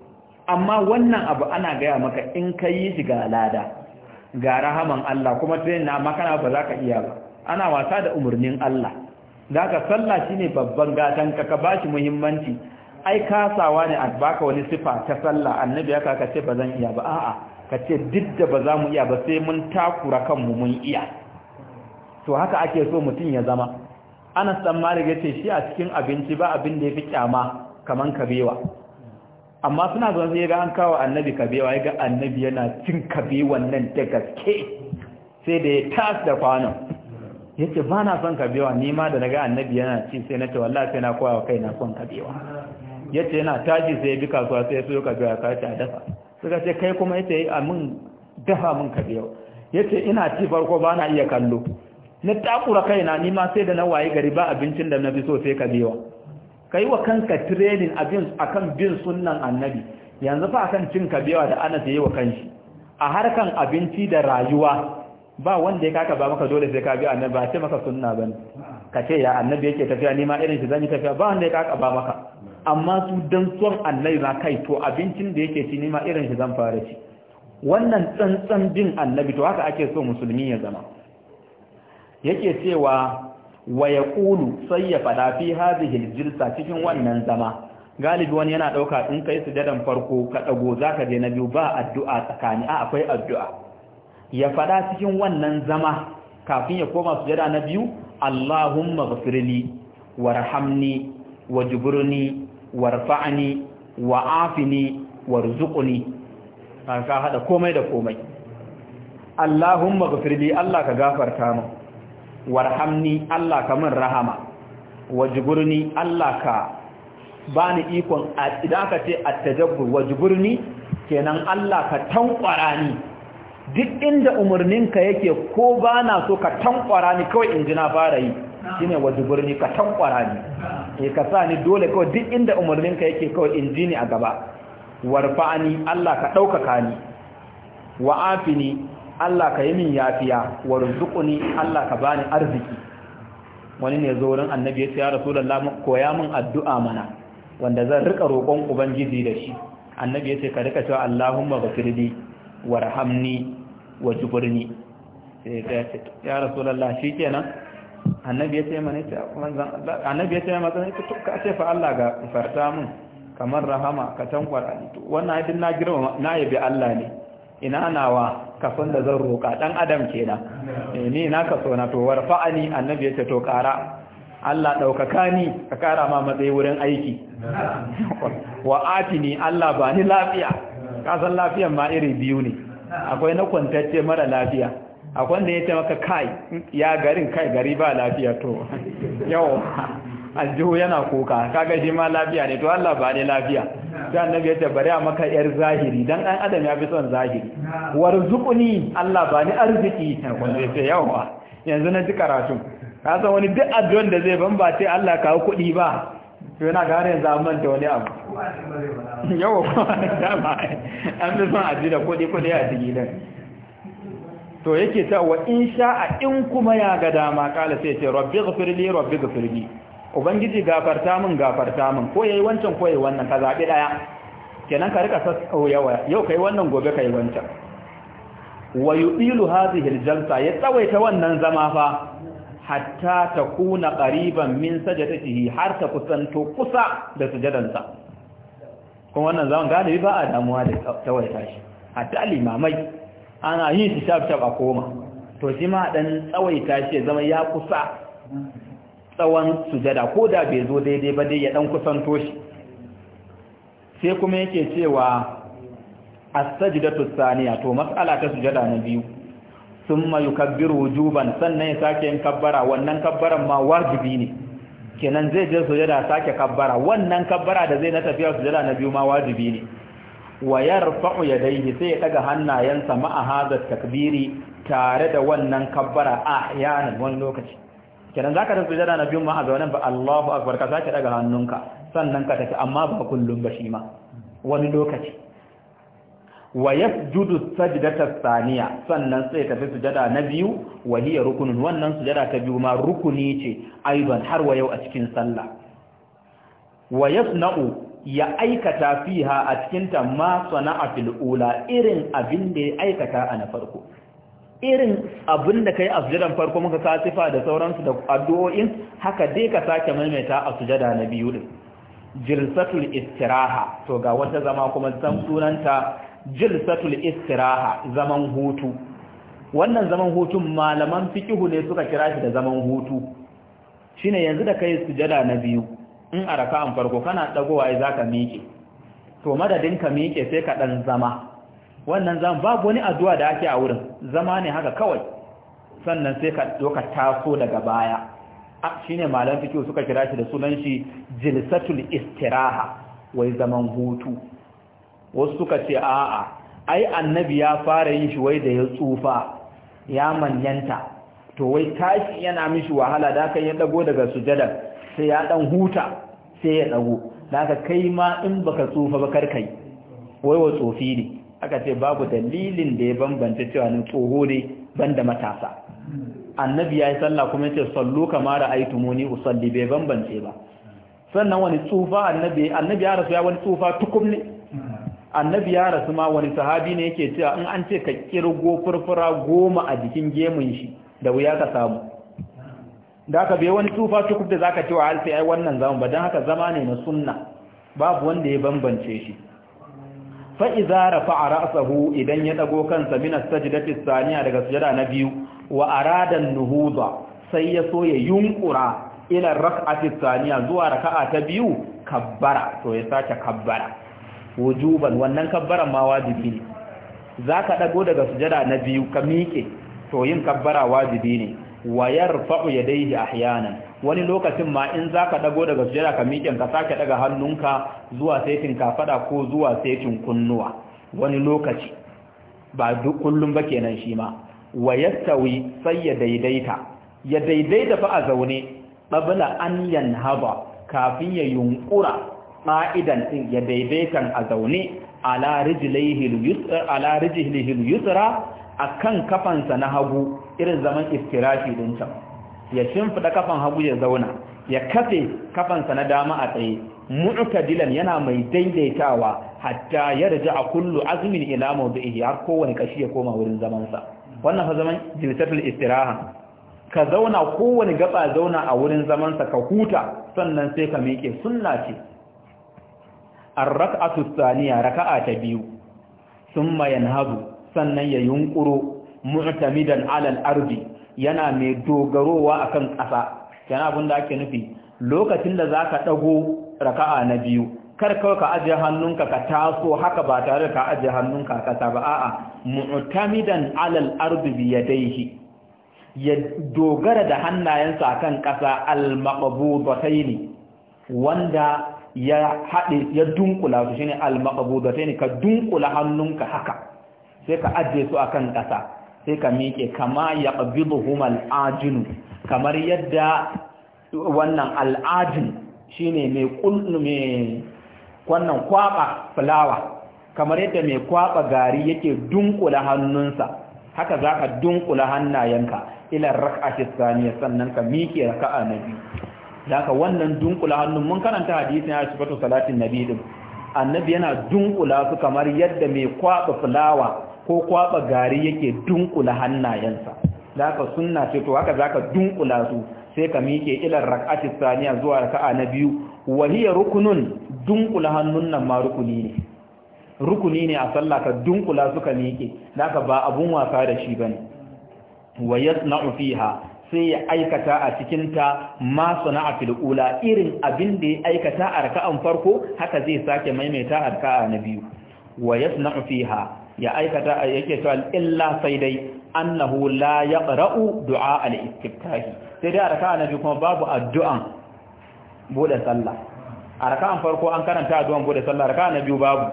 amma wannan abu ana gaya maka in ka yi shi ga lada ga rahaman Allah kuma tren na makana ba za ka iya ba ana wasa da umarnin Allah za ka sallah shi ne babban gatan ka ka ba shi muhimmanci ai kasawa ne a baka wani sifa ta sallah annabi ya ka ce ba iya ba a'a kace ce duk da ba za mu iya ba sai mun takura kanmu mun iya to haka ake so mutum ya zama anas dan malik yace shi a cikin abinci ba abin da yafi kyama kaman kabewa amma suna zuwa sai ga an kawo annabi kabewa ya ga annabi yana cin kabewan nan da gaske sai da ya tas da kwano. yace ba na son kabewa ni ma da naga annabi yana ci sai na ce wallahi sai na koya wa kaina son kabewa yace yana taji sai ya bi kasuwa sai ya soyo kabewa ka ta dafa suka ce kai kuma yace a mun dafa mun kabewa yace ina ci farko ba na iya kallo na takura kaina ni ma sai da na waye gari ba abincin da na bi so sai kabewa kai wa kanka training abin akan bin sunnan annabi yanzu fa akan cin kabewa da Anas yayi wa kanshi a harkan abinci da rayuwa ba wanda ya kaka ba maka dole sai ka bi annabi ba ce maka sunna bane ka ce ya annabi yake tafiya ni ma irin shi zan yi tafiya ba wanda ya kaka ba maka amma su dan son annabi ma kai to abincin da yake ci ni ma irin shi zan fara ci wannan tsantsan bin annabi to haka ake so musulmi ya zama yake cewa wa yaqulu sai ya fada fi hadhihi aljilsa cikin wannan zama galibi wani yana dauka in kai sujadan farko ka dago zaka je na biyu ba addu'a tsakani a akwai addu'a ya faɗa cikin wannan zama kafin ya koma sujada na biyu Allahumma ghfirli warhamni wajburni warfa'ni wa'afini warzuqni ka hada komai da komai Allahumma ghfirli Allah ka gafarta min warhamni Allah ka min rahama wajburni Allah ka bani ikon idan ka ce at-tajabbur wajburni kenan Allah ka tankwara ni duk inda umarninka yake ko ba na so ka tankwara ni kawai in ji na fara yi shi ne birni ka tankwara ni ya eh, ka sa ni dole kawai duk inda umarninka yake kawai in ji ni a gaba warfa ni Allah ka ɗaukaka ni wa ni Allah ka yi min yafiya wa ni Allah ka bani arziki wani ne zo wurin annabi ya ce da koya min addu'a mana wanda zan rika roƙon ubangiji da shi annabi ya ce ka rika cewa Allahumma ghafirli warhamni wa jubrni sai ga ya rasulullah shikenan annabi ya ce mana ita manzan annabi ya ce mana ita to ka ce fa Allah ga farta mun kamar rahama ka tankwar to wannan aidin na girma na yabi Allah ne ina nawa kafin da zan roka dan adam kenan eh, ni na ka so na to warfa'ani annabi ya ce to kara Allah ɗaukaka ni ka kara ma matsayi wurin aiki wa atini Allah ba ni lafiya kasan lafiyan ma iri biyu ne akwai na kwantacce mara lafiya akwai da ya ce maka kai ya garin kai gari ba lafiya to yau aljihu yana kuka kaga shi ma lafiya ne to Allah ba ne lafiya sai annabi ya ce bari a maka yar zahiri dan dan adam ya fi son zahiri warzuquni Allah ba ni arziki wanda ya ce yawa yanzu na ji karatu Kasan wani duk addu'an da zai ban ba Allah kawo kuɗi ba to yana gane yanzu an manta wani abu yau dama an fi son ajiyar kodi-kodi a jigi nan. to yake ta wa in sha'a in kuma ya ga dama kala sai ce rabbi gafirli rabbi gafirli ubangiji gafarta min gafarta min ko yayi wancan ko yayi wannan ka zabi daya kenan ka rika yawa. yau kai wannan gobe kai wancan wa yudilu hadhihi aljalsa ya tsawaita wannan zama fa hatta ta kuna ƙariban min sajadatihi har ta kusanto kusa da sujadansa kuma wannan zaman galibi ba a damuwa da tsawaita shi hatta limamai ana yin shi shaf a koma to shi ma ɗan tsawaita shi zama ya kusa tsawon sujada ko da bai zo daidai ba dai ya dan kusanto shi sai kuma yake cewa as-sajdatu saniya to mas'ala ta sujada na biyu summa yukabbiru wujuban sannan ya sake yin kabbara wannan kabbaran ma wajibi ne kenan zai je sujada sake kabbara wannan kabbara da zai na tafiya sujada na biyu ma wajibi ne wa yarfa'u yadayhi sai ya daga hannayensa ma hadha takbiri tare da wannan kabbara ahyanan wani lokaci kenan zaka tafi sujada na biyu ma a zaunan ba Allahu akbar ka sake daga hannunka sannan ka tafi amma ba kullum ba shi ma wani lokaci wa yasjudu sajdata thaniya sannan sai tafi sujada na biyu wa hiya rukunun wannan sujada ta biyu ma rukuni ce aidan har wa yau a cikin sallah wa yasna'u ya aikata fiha a cikin ta ma sana'a fil ula irin abin da ya aikata a na farko irin abin da kai a sujadan farko muka ka sifa da sauransu da addu'o'in haka dai ka sake maimaita a sujada na biyu din jilsatul istiraha to ga wata zama kuma san sunanta jilsatul istiraha zaman hutu wannan zaman hutun malaman fikihu ne suka kira shi da zaman hutu shine yanzu da kai sujada na biyu in a an farko kana dagowa ai zaka miƙe to madadin ka miƙe sai ka dan zama wannan zaman babu wani addu'a da ake a wurin zama ne haka kawai sannan sai ka doka taso daga baya shine malaman fikihu suka kira shi da sunan shi jilsatul istiraha wai zaman hutu wasu suka ce a'a ai annabi ya fara yin shi wai da ya tsufa ya manyanta to wai tashi yana mishi wahala da kan ya dago daga sujada sai ya dan huta sai ya dago daga kai ma in baka tsufa ba karkai wai wa tsofi ne aka ce babu dalilin da ya bambanta cewa ni tsoho ne banda matasa annabi ya yi sallah kuma ya ce sallu kama ra'aytumuni usalli bai bambance ba sannan wani tsufa annabi annabi ya rasu ya wani tsufa tukum ne annabi ya rasu ma wani sahabi ne yake cewa in an ce ka kirgo furfura goma a jikin gemun shi da wuya ka samu da aka bai wani tufa cukup da zaka ce wa ya ai wannan zaman ba don haka zama ne na sunna babu wanda ya bambance shi fa idza rafa'a ra'sahu idan ya dago kansa min as-sajdati as daga sujada na biyu wa arada an-nuhuda sai ya so ya yunkura ila rak'ati as-saniya zuwa raka'a ta biyu kabbara to ya sace kabbara wujuban wannan kabbaran ma wajibi ne za ka ɗago daga sujada na biyu ka miƙe to yin kabbara wajibi ne wa yarfa'u yadayhi ahyanan wani lokacin ma in zaka dago daga sujada ka miƙe ka sake daga hannunka zuwa saitin kafada ko zuwa saitin kunnuwa wani lokaci ba duk kullum ba kenan shi ma wa yastawi sai ya daidaita ya daidaita fa a zaune qabla an yanhaba kafin ya yunkura qa'idan ya daidaitan a zaune ala rijlihil yusra akan kafansa na hagu irin zaman iftirashi din can ya shimfida kafan hagu ya zauna ya kafe kafansa na dama a tsaye mu'tadilan yana mai daidaitawa hatta rija a kullu azmin ila mawdihi har kowane kashi ya koma wurin zamansa wannan fa zaman jilsatul istiraha ka zauna kowane gaba zauna a wurin zamansa ka huta sannan sai ka miƙe sunna ce Arraka rakatu raka'a ta biyu mayan hazu sannan ya yunƙuro mu'tamidan alal al yana mai dogarowa akan ƙasa yana abin da ake nufi lokacin da za ka ɗago raka'a na biyu kar kawai ka ajiye hannunka ka taso haka ba tare ka ajiye hannunka ka ba a'a mu'tamidan alal al ya bi ya dogara da hannayensa akan ƙasa al-maqbudatayn wanda ya haɗe ya dunkula su shine al-maqbudatain ka dunkula hannunka haka sai ka ajiye su akan ƙasa sai ka miƙe kama yaqbiduhum al-ajin kamar yadda wannan al-ajin shine mai kullu mai wannan kwaba fulawa kamar yadda mai kwaɓa gari yake dunkula hannunsa haka zaka dunkula hannayenka ila rak'ati saniya sannan ka miƙe raka'a na biyu da haka wannan dunkula hannun mun karanta hadisi na sifatu salatin nabi din annabi yana dunkula su kamar yadda mai kwaba fulawa ko kwaba gari yake dunkula hannayensa da haka sunna ce to haka zaka dunkula su sai ka miƙe ilar rak'ati saniya zuwa raka'a na biyu wa hiya rukunun dunkula hannun nan ma rukuni ne rukuni ne a sallah ka dunkula su ka miƙe da haka ba abun wasa da shi bane wa yasna'u fiha sai ya aikata a cikinta ma sana'a fil ula irin abin da ya aikata a raka'an farko haka zai sake maimaita a raka'a na biyu wa yasna'u fiha ya aikata a yake cewa illa sai dai annahu la yaqra'u du'a al-istiftahi sai dai a raka'a na biyu kuma babu addu'an bude sallah a raka'an farko an karanta addu'an bude sallah raka'a na biyu babu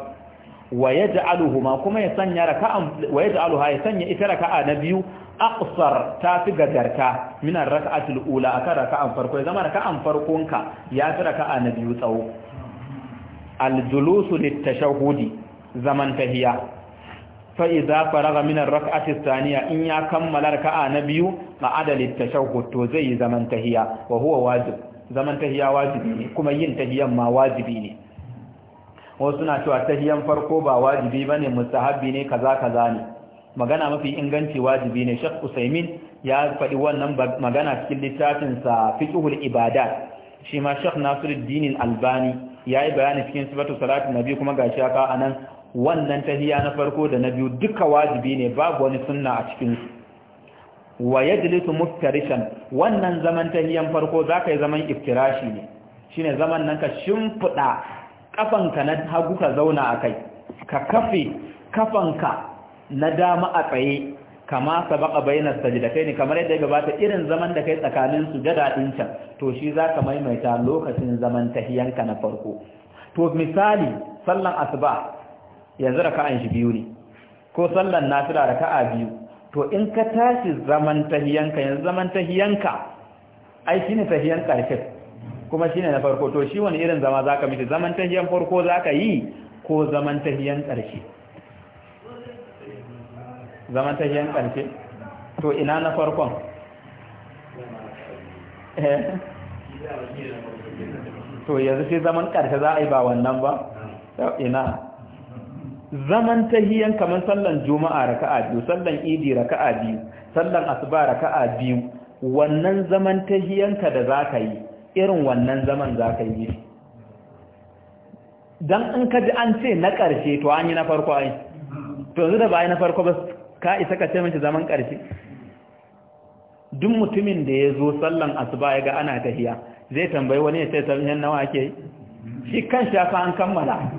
wa yaj'aluhuma kuma ya sanya raka'an wa yaj'aluha ya sanya ita raka'a na biyu aqsar ta fi gajarta minan raka'atul ula akan raka'an farko ya zama raka'an farkonka ya fi raka'a na biyu tsawo aljulusu litashahudi zaman tahiya fa idza faraga min ar-rak'ati ath-thaniya in ya kammala raka'a na biyu qa'ada litashahud to zai yi zaman tahiya wa huwa wajib zaman tahiya wajibi ne kuma yin tahiyan ma wajibi ne wasu na cewa tahiyan farko ba wajibi bane mustahabbi ne kaza kaza ne magana mafi inganci wajibi ne shek usaimin ya faɗi wannan magana cikin littafinsa fiqhul ibadat shi ma shek nasiruddin albani ya yi bayani cikin sifatu salatu nabi kuma ga shi a anan wannan tahiya na farko da na biyu duka wajibi ne babu wani sunna a cikin wa yajlisu muftarishan wannan zaman tahiyan farko zaka yi zaman iftirashi ne shine zaman nan ka shimfida kafanka na hagu ka zauna a kai, ka kafe kafanka na dama a tsaye kama sabaka bayyana sajidatai ne kamar yadda ya gabata irin zaman da kai tsakanin sujada din can to shi za ka maimaita lokacin zaman tahiyanka na farko to misali sallan asuba yanzu raka'an shi biyu ne ko sallan nafila raka'a biyu to in ka tashi zaman tahiyanka yanzu zaman tahiyanka ai shine tahiyan karshe kuma shine na farko to shi wani irin zama zaka miki zaman tahiyan farko zaka yi ko zaman tahiyan karshe zaman ta hiyan karfe, to ina na farkon eh. to yanzu sai zaman ƙarshe za a yi ba wannan ba ina zaman ta hiyan kamar sallan juma'a raka'a biyu sallan idi raka'a biyu sallan asuba raka'a biyu wannan zaman ta ka da zaka yi irin wannan zaman zaka yi dan in ka ji an ce na ƙarshe to an yi na farko ai to yanzu da ba yi na farko ba ka isa ka ce zaman ƙarshe duk mutumin da ya zo sallan asuba ya ga ana tahiya zai tambayi wani ya ce tahiyan nawa ake yi shi kan shafa an kammala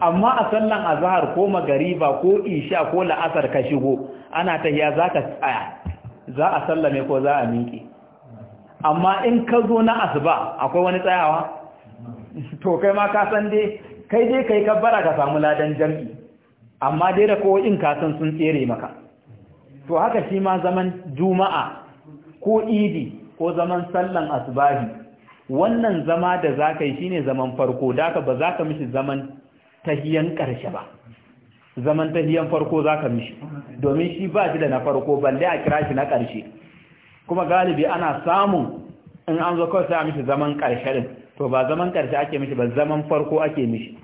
amma a sallan azahar, ko magariba ko isha ko la'asar ka shigo ana tahiya za ka tsaya za a sallame ko za a miƙe amma in ka zo na asuba akwai wani tsayawa to kai ma ka san dai kai dai kai bara ka samu ladan jam'i amma dai da kowa in kasan sun tsere maka to haka shi ma zaman juma'a ko idi ko zaman sallan asubahi, wannan zama da za ka yi shi ne zaman farko da ka ba za ka mishi zaman tahiyan ƙarshe ba zaman tahiyan farko za ka mishi domin shi ba shi da na farko balle a kira shi na ƙarshe kuma galibi ana samun in an zo kawai sai a mishi zaman ƙarshe din to ba zaman ƙarshe ake mishi ba zaman farko ake mishi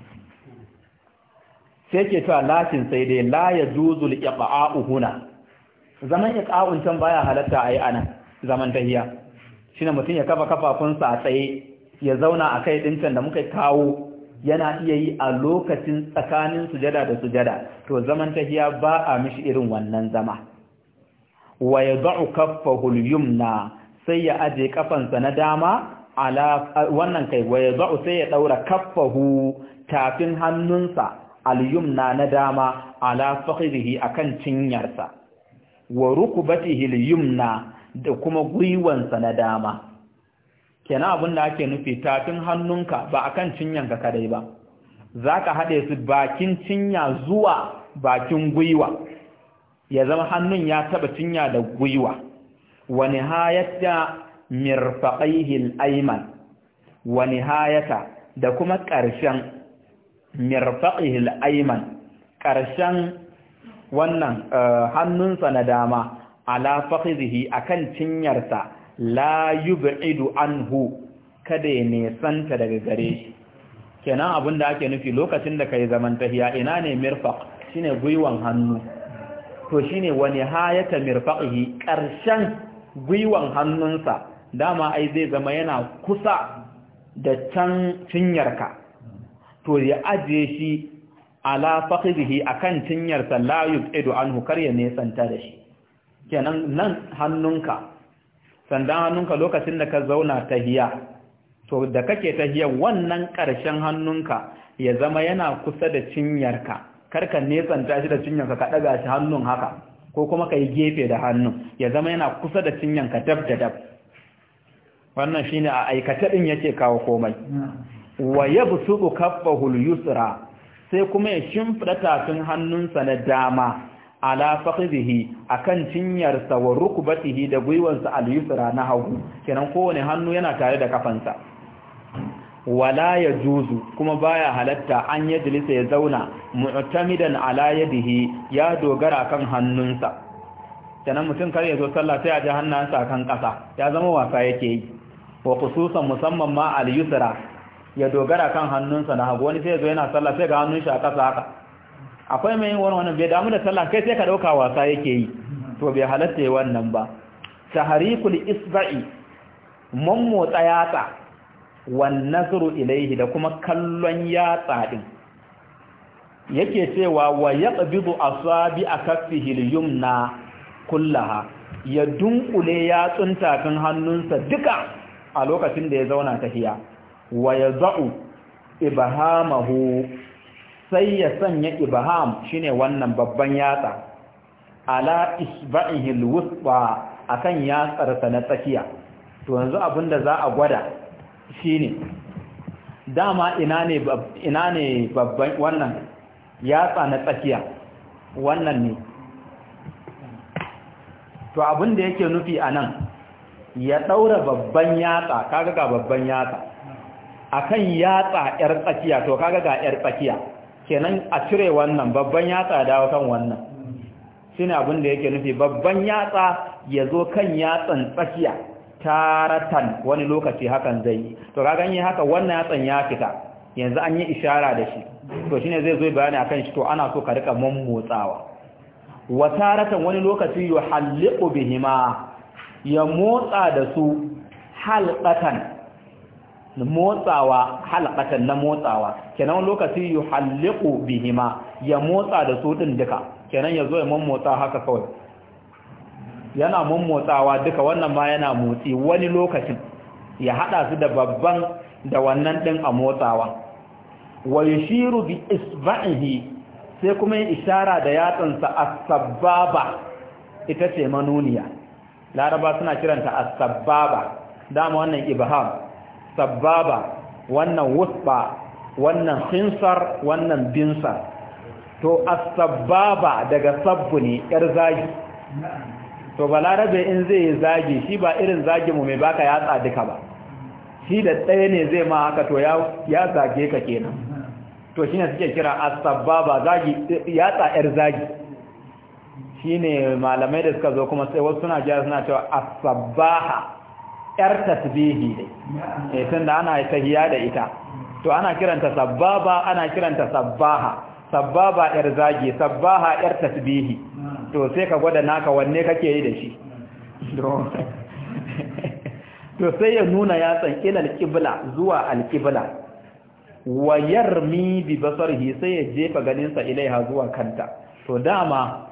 sai ke cewa lakin sai dai la ya juzul iqa'u huna zaman iqa'un can baya halatta ayi anan. zaman tahiya shine mutum ya kafa kafafunsa a tsaye ya zauna a kai can da muka kawo yana iya yi a lokacin tsakanin sujada da sujada to zaman tahiya ba a mishi irin wannan zama wa yad'u kaffahu al-yumna sai ya aje kafansa na dama ala wannan kai wa yad'u sai ya daura kaffahu tafin hannunsa al na dama ala fakhrihi akan cinyarsa wa rukubatihi al-yumna da kuma gwiwansa na dama kenan abin da ake nufi tafin hannunka ba akan cinyanka kadai ba zaka hade su bakin cinya zuwa bakin gwiwa ya zama hannun ya taɓa cinya da gwiwa Wani hayata mirfaqaihi al-ayman wa da kuma ƙarshen mirfaqihil ayman ƙarshen wannan eh, hannunsa na dama ala fakhidhihi akan cinyarsa la yub'idu anhu kada ya nesanta daga gare shi kenan abin da ake nufi lokacin da kai zaman tahiya ina ne mirfaq shine gwiwon hannu to shine wani hayata mirfaqihi ƙarshen gwiwan hannunsa dama ai zai zama yana kusa da can cinyarka to ya ajiye shi ala faqidihi akan cinyar sa idu anhu kar ya nesanta da shi kenan nan hannunka sandan hannunka lokacin da ka zauna tahiya to da kake tahiya wannan karshen hannunka ya zama yana kusa da cinyarka kar ka nesanta shi da cinyarka ka daga shi hannun haka ko kuma ka yi gefe da hannun ya zama yana kusa da cinyarka dab da dab wannan shine a aikata din yake kawo komai wa yabsutu kaffahu al-yusra sai kuma ya shimfida tafin hannunsa na dama ala faqdihi akan cinyarsa wa rukbatihi da gwiwansa al-yusra na hagu kenan kowane hannu yana tare da kafansa wala ya kuma baya halatta an yajlisa ya zauna mu'tamidan ala yadihi ya dogara kan hannunsa kenan mutum kar ya zo sallah sai ya ji hannunsa kan kasa ya zama wasa yake yi wa khususan musamman ma al-yusra ya dogara kan hannunsa na hagu wani sai zo yana sallah sai ga hannun shi a ƙasa haka akwai mai wani wani bai damu da sallah kai sai ka ɗauka wasa yake yi to bai halatta yi wannan ba taharikul isba'i mun motsa yatsa wan nazru ilaihi da kuma kallon yatsa din yake cewa wa yaqbidu asabi akaffihi al-yumna kullaha ya dunkule yatsun tafin hannunsa duka a lokacin da ya zauna tahiya wa ya za'u ibahamahu sai ya sanya ibaham shine wannan babban yatsa ala isba'ihi alwusba akan sa na tsakiya to yanzu abinda za a gwada shine dama ina ne ina ne babban wannan yatsa na tsakiya wannan ne to abinda yake nufi anan ya daura babban yatsa kaga ga babban yatsa akan yatsa yar tsakiya to kaga ga yar tsakiya kenan a cire wannan babban yatsa dawo kan wannan shine abin da yake nufi babban yatsa ya zo kan yatsan tsakiya taratan wani lokaci hakan zai yi to kaga yi haka wannan yatsan ya fita yanzu an yi ishara da shi to shine zai zo bayani akan shi to ana so ka rika mummotsawa wa taratan wani lokaci yuhalliqu bihima ya motsa da su halqatan motsawa halakatan na motsawa kenan lokaci yuhalliqu bihima ya motsa da su ɗin duka kenan yazo ya mummotsa haka kawai yana motsawa duka wannan ma yana motsi wani lokacin ya hada su da babban da wannan ɗin a motsawa wa yushiru bi isba'ihi sai kuma ya ishara da yatsansa as-sababa ita ce manuniya laraba suna kiranta as-sababa dama wannan ibaham sababa wannan wusba wannan khinsar wannan binsa to as-sababa daga sabbu ne yar zagi to balarabe in zai yi zagi shi ba irin zagi mu mai baka yatsa duka ba shi da tsaye ne zai ma haka to ya zage ka kenan to shine suke kira as-sababa zagi tsa yar zagi shine malamai da suka zo kuma sai wasu suna jira suna cewa as-sabaha yar tasbihi ne eh da ana tahiya da ita to ana kiranta sababa, ana kiranta sabbaha sabbaba yar zagi sabbaha yar tasbihi to sai ka gwada naka wanne kake yi da shi to sai ya nuna yatsan ilal qibla zuwa alqibla wa yarmi bi basarihi sai ya jefa ganinsa ilaiha zuwa kanta to dama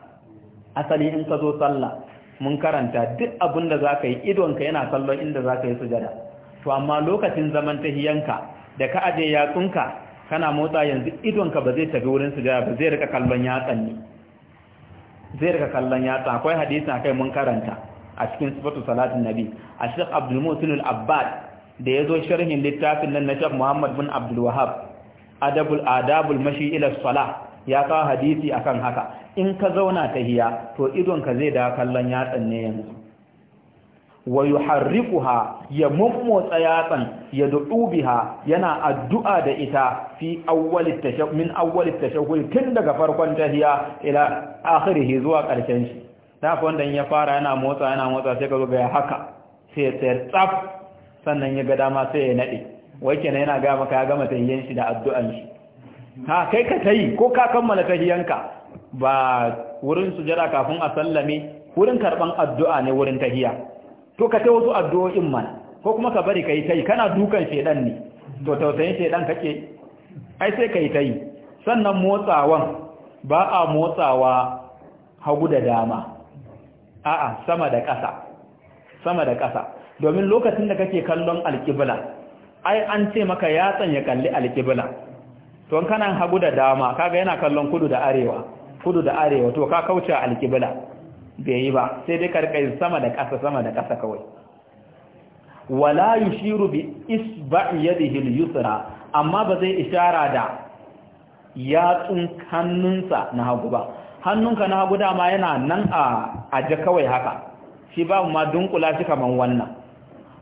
asali in ka zo sallah mun karanta duk abin da za ka yi idonka yana kallon inda za ka yi sujada to amma lokacin zaman tahiyanka da ka aje yatsunka kana motsa yanzu idonka ba zai tafi wurin sujada ba zai rika kallon yatsan ne zai rika kallon yatsa akwai hadisi akai mun karanta a cikin sifatu salatin nabi a shekh abdul mutin al-abbad da ya zo sharhin littafin nan na shek muhammad bin abdul wahab adabul adabul mashi ila salah ya kawo hadisi akan haka in ka zauna ta hiya to idonka zai da kallon yatsan ne yanzu wa yuharrikuha ya mummotsa yatsan ya biha yana addu'a da ita fi awwali tashahhud min awwali tashahhud tun daga farkon tahiya ila akhirih zuwa karshen shi dafa wanda ya fara yana motsa yana motsa sai ka zo ga haka sai ya tsaf sannan ya ga dama sai ya nade wai kenan yana ga maka ya gama tahiyyan shi da addu'an shi ha kai ka tayi ko ka kammala tahiyanka ba wurin sujada kafin a sallame wurin karban addu'a ne wurin tahiya to ka ta wasu addu'o'in man ko kuma ka bari kai tayi kana dukan shedan ne to tausayin shedan kake ai sai kai tayi sannan motsawan ba a motsawa hagu da dama a'a sama da ƙasa sama da ƙasa domin lokacin da kake kallon alƙibla ai an ce maka ya ya kalli alƙibla to kana hagu da dama kaga yana kallon kudu da arewa kudu da arewa to ka kauce alkibla bai yi ba sai dai karkai sama da ƙasa sama da ƙasa kawai wala yushiru bi isba'i yadihi al-yusra amma ba zai ishara da yatsun hannunsa na hagu ba hannunka na hagu dama yana nan a aje kawai haka shi ba ma dunkula shi kaman wannan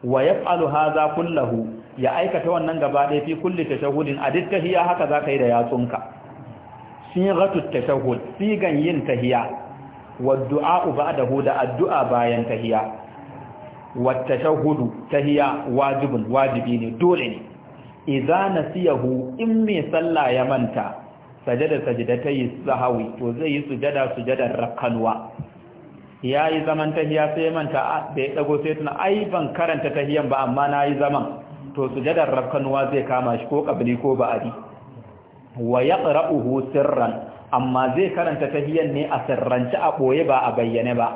wa yaf'alu hadha kullahu ya aikata wannan gaba ɗaya fi kulli tashahudin a duk tahiya haka za ka yi da yatsunka sigatu tashahud sigan yin tahiya. wa du'a hu da addu'a bayan tahiya. wa tashahudu tahiya wajibun wajibi ne dole ne idza nasiyahu in me sallah ya manta sajada sajdatai sahawi to zai yi sujada sujadar rakkanwa yayi zaman tahiya sai manta da ya dago sai tuna ai ban karanta tahiyan ba amma nayi zaman to sujadar rafkanuwa zai kama shi ko kabili ko ba'adi wa yaqra'uhu sirran amma zai karanta tahiyyar ne a sirrance a boye ba a bayyane ba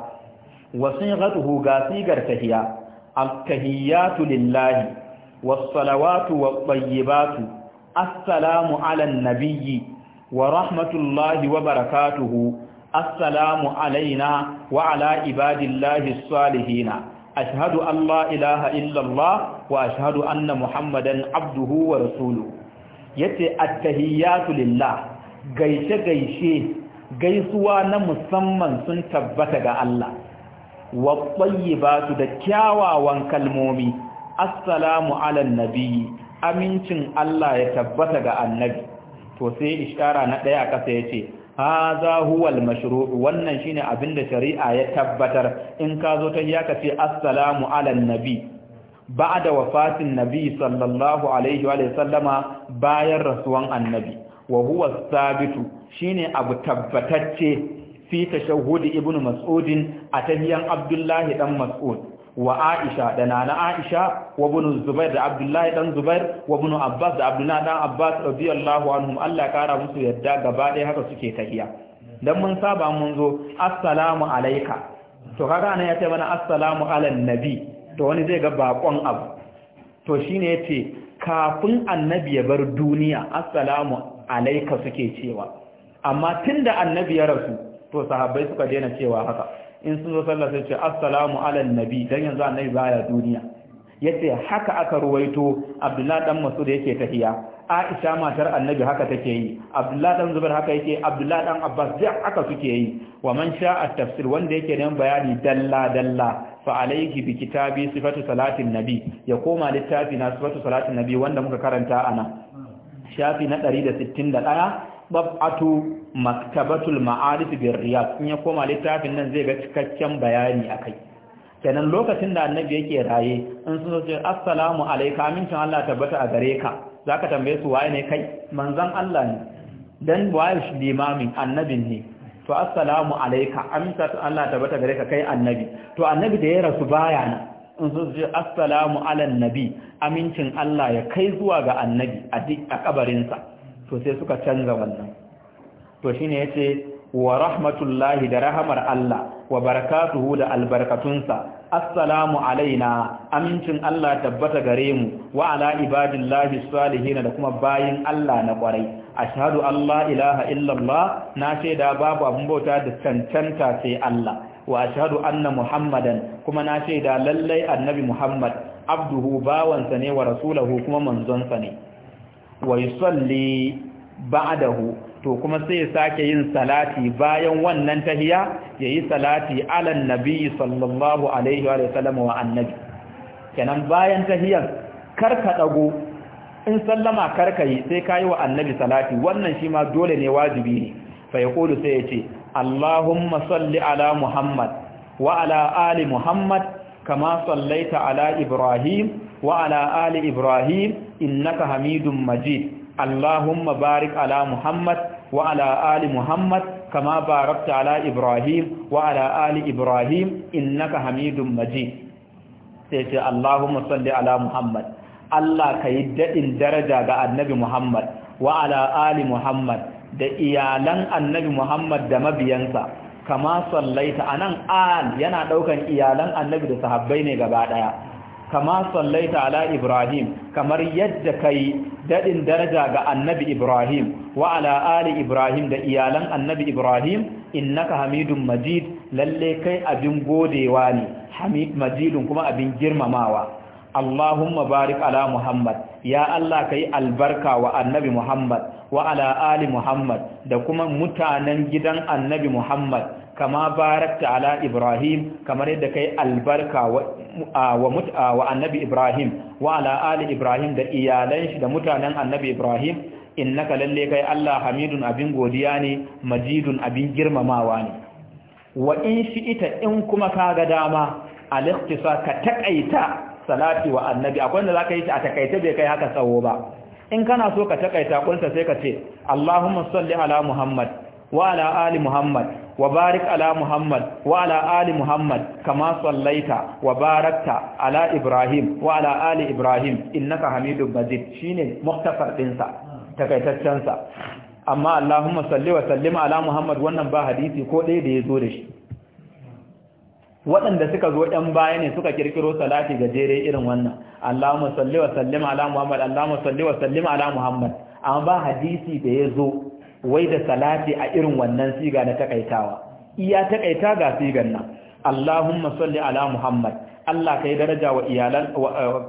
wa sighatuhu ga sigar tahiyya at-tahiyyatu lillahi was-salawatu wat-tayyibatu assalamu 'alan nabiyyi wa rahmatullahi wa barakatuhu assalamu 'alaina wa 'ala ibadillahi as-salihina ashhadu an la ilaha illallah wa ashhadu anna muhammadan abduhu wa rasuluhu yace at lillah gaishe gaishe gaisuwa na musamman sun tabbata ga Allah wa tayyibatu da kyawawan kalmomi assalamu ala nabi amincin Allah ya tabbata ga annabi to sai ishara na daya kasa yace haza huwal mashru'u wannan shine abin da shari'a ya tabbatar in ka zo ta yaka ce assalamu ala nabi ba'da wafatin nabi sallallahu alaihi wa sallama bayan rasuwan annabi wa huwa sabitu shine abu tabbatacce fi tashahhudi ibnu mas'udin a tahiyan abdullahi dan mas'ud wa Aisha da nana Aisha wa ibn Zubair da Abdullahi dan Zubair wa ibn Abbas da Abdullahi dan Abbas radiyallahu anhum Allah ya kara musu yadda gaba ɗaya haka suke tafiya. dan mun saba mun zo assalamu alayka to kaga ya ce mana assalamu ala nabi to wani zai ga bakon abu to shine yace kafin annabi ya bar duniya assalamu alayka suke cewa amma tunda annabi ya rasu to sahabbai suka daina cewa haka in sun zo sallah sai ce assalamu ala nabi dan yanzu annabi baya duniya yace haka aka ruwaito abdullahi dan masud yake tahiya aisha matar annabi haka take yi abdullahi dan zubair haka yake abdullahi dan abbas duk haka suke yi wa man sha'a tafsir wanda yake neman bayani dalla dalla fa alayhi bi kitabi sifatu salatin nabi ya koma littafi na sifatu salatin nabi wanda muka karanta ana shafi na 161 bab'atu maktabatul ma'arif bir riyad in ya koma littafin nan zai ga cikakken bayani akai kenan lokacin da annabi yake raye in sun ce assalamu alayka amincin Allah tabbata a gare ka zaka tambaye su waye ne kai manzon Allah ne dan waye shi limamin annabin ne to assalamu alayka amincin Allah tabbata gare ka kai annabi to annabi da ya rasu baya nan in sun ce assalamu alannabi amincin Allah ya kai zuwa ga annabi a duk a to sai suka canza wannan to shine yace wa rahmatullahi da rahamar Allah wa barakatuhu da albarkatunsa assalamu alaina amincin Allah tabbata gare mu wa ala ibadillahi salihin da kuma bayin Allah na kwarai ashhadu Allah ilaha illallah na shaida babu abun bauta da cancanta sai Allah wa ashhadu anna muhammadan kuma na shaida lallai annabi muhammad abduhu bawansa ne wa rasulahu kuma manzonsa ne wa yusalli ba'dahu to kuma sai ya sake yin salati bayan wannan tahiya yayi salati ala nabi sallallahu alaihi wa sallam wa annabi kenan bayan tahiyar karka dago in sallama karka yi sai kai wa annabi salati wannan shi ma dole ne wajibi ne fa yaqulu sai ya ce allahumma salli ala muhammad wa ala ali muhammad kama sallaita ala ibrahim وعلى آل إبراهيم إنك حميد مجيد اللهم بارك على محمد وعلى آل محمد كما باركت على إبراهيم وعلى آل إبراهيم إنك حميد مجيد سيتي اللهم صل على محمد الله كيد إن درجة النبي محمد وعلى آل محمد da iyalan annabi Muhammad da mabiyansa kama sallaita anan al yana daukan iyalan annabi da sahabbai ne gaba daya kama sallaita ala ibrahim kamar yadda kai dadin daraja ga annabi ibrahim wa ala ali ibrahim da iyalan annabi ibrahim innaka hamidun majid lalle kai abin godewa ne hamid majidun kuma abin girmamawa allahumma barik ala muhammad ya allah kai albarka wa annabi muhammad wa ala ali muhammad da kuma mutanen gidan annabi muhammad kama barakta ala ibrahim kamar yadda kai albarka wa annabi ibrahim wa ala ali ibrahim da iyalan shi da mutanen annabi ibrahim innaka lalle kai allah hamidun abin godiya ne majidun abin girmamawa ne wa in shi ita in kuma kaga dama al-iqtisa ka takaita salati wa annabi akwai da zaka yi ta takaita bai kai haka tsawo ba in kana so ka takaita kunsa sai ka ce allahumma salli ala muhammad wa ala ali muhammad وبارك على محمد وعلى آل محمد كما صليت وباركت على إبراهيم وعلى ka hamidu إنك shine مجيد شيني مختصر دينسا Amma أما salli wa وسلم ala Muhammad wannan ba hadisi ko daya da ya zo da shi waɗanda suka zo ɗan baya ne suka kirkiro salati gajere irin wannan Allahumma salli wa sallim ala Muhammad Allahumma salli wa sallim ala Muhammad amma ba hadisi da ya zo wai da salati a irin wannan siga na takaitawa iya takaita ga sigan nan Allahumma salli ala Muhammad Allah kai daraja wa iyalan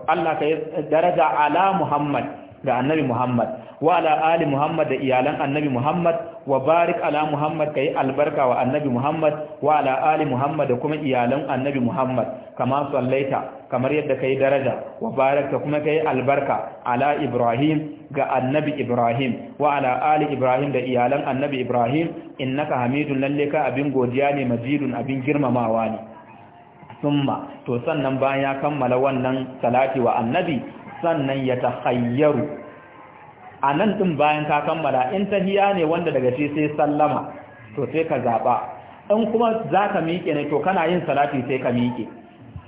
Allah kai daraja ala Muhammad ga annabi Muhammad wa ala ali Muhammad da iyalan annabi Muhammad wa barik ala Muhammad kai albarka wa annabi Muhammad wa ala ali Muhammad da kuma iyalan annabi Muhammad kama sallaita kamar yadda kai daraja wa barakta kuma kai albarka ala Ibrahim ga annabi Ibrahim wa ala ali Ibrahim da iyalan annabi Ibrahim innaka hamidun lalle ka abin godiya ne majidun abin girmamawa ne summa to sannan bayan ya kammala wannan salati wa annabi sannan ya tahayyaru anan din bayan ka kammala in tahiya ne wanda daga shi sai sallama to sai ka zaba in kuma zaka miƙe ne to kana yin salati sai ka miƙe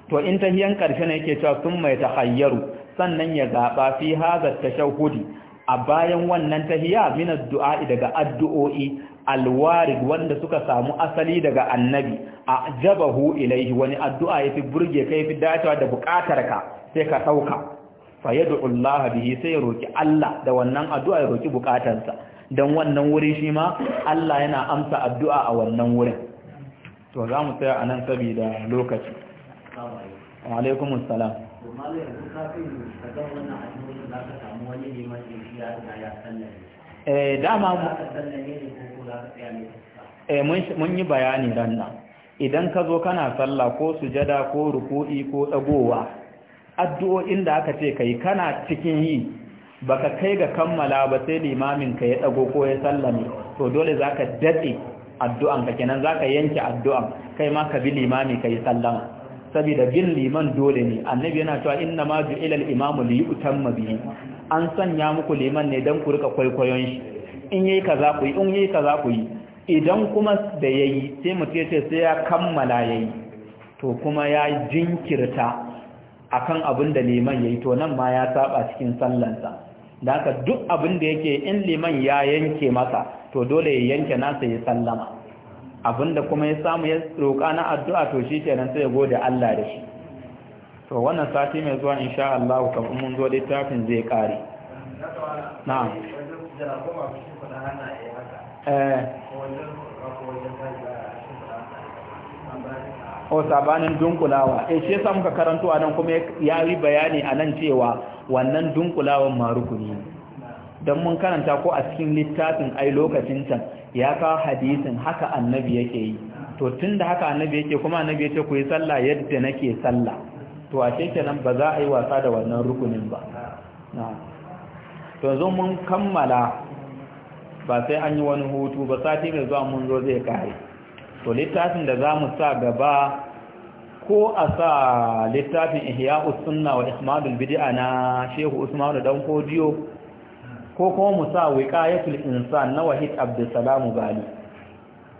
to in tahiyan karshe ne yake cewa summa ya tahayyaru sannan ya zaɓa fi haza tashahudi a bayan wannan tahiya min addu'a daga addu'o'i alwarid wanda suka samu asali daga annabi a jabahu ilaihi wani addu'a yafi burge ka fi dacewa da ka sai ka sauka fayadu Allah bihi sai roki Allah da wannan addu'a ya roki bukatarsa dan wannan wuri shi ma Allah yana amsa addu'a a wannan wurin to za mu tsaya anan saboda lokaci wa alaikumus salam to malu yanzu kafin ka ga wannan hanyoyin za ka samu wani neman jifiya da ya sallame eh dama mu ka sallame ne ko ko za ka tsaya ne eh mun yi bayani ran nan idan ka zo kana sallah ko sujada ko ruku'i ko dagowa addu'o'in da aka ce kai kana cikin yi baka kai ga kammala ba sai limamin ka ya dago ko ya sallame to dole zaka dade addu'an ka kenan zaka yanke addu'an kai ma ka bi limami kai sallama saboda bin liman dole ne annabi yana cewa inna ma ju'ila al-imamu li yutamma bihi an sanya muku liman ne dan ku rika kwaikwayon shi in yayi kaza ku yi in yayi kaza ku yi idan kuma da yayi sai mutum ya ce sai ya kammala yayi to kuma ya jinkirta akan abin da liman yayi to nan ma ya saba cikin sallansa da haka duk abin da yake in liman ya yanke masa to dole ya yanke nasa ya sallama abinda kuma ya samu ya roƙa na addu'a to shi kenan sai ya gode Allah da shi to wannan sati mai zuwa insha Allah kafin mun zo da tafin zai kare na'am eh o oh, sabanin dunkulawa eh shi yasa muka karanto a nan kuma ya yi bayani a nan cewa wannan dunkulawan ma ne don mun karanta ko a cikin littafin ai lokacin can ya kawo hadisin haka annabi yake yi to tun haka annabi yake kuma annabi yake ku yi sallah yadda nake sallah to a ce kenan ba za a yi wasa da wannan rukunin ba to yanzu mun kammala ba sai an yi wani hutu ba sati mai zuwa mun zo zai kare to littafin da za mu sa gaba ko a sa littafin ihya'us sunna wa ihmadul bid'a na shehu usman da dan fodiyo ko kuma mu musa wiqayatul insan na wahid abdussalam bali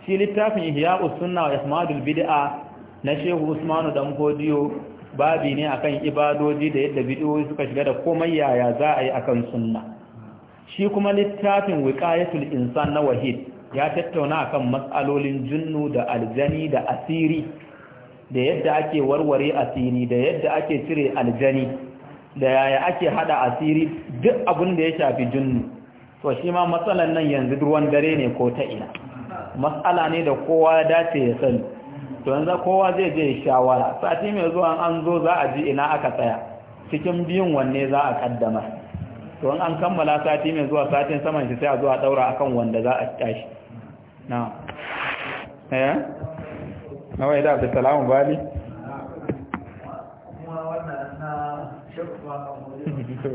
shi littafin ihya'us sunna wa ismadul bid'a na shehu usmanu dan godiyo babi ne akan ibadoji da yadda bidiyoyi suka shiga da komai yaya za a yi akan sunna shi kuma littafin wiqayatul insan na wahid ya tattauna akan matsalolin junnu da aljani da asiri da yadda ake warware asiri da yadda ake cire aljani da yaya ake hada asiri duk abin da ya shafi junnu to shi ma matsalan nan yanzu ruwan dare ne ko ta ina matsala ne da kowa ya dace ya sani to yanzu kowa zai je shawara sati mai zuwa an zo za a ji ina aka tsaya cikin biyun wanne za a kaddama to an kammala sati mai zuwa satin saman shi sai a zo a daura akan wanda za a tashi na'am eh na wai da Abdulsalam Bali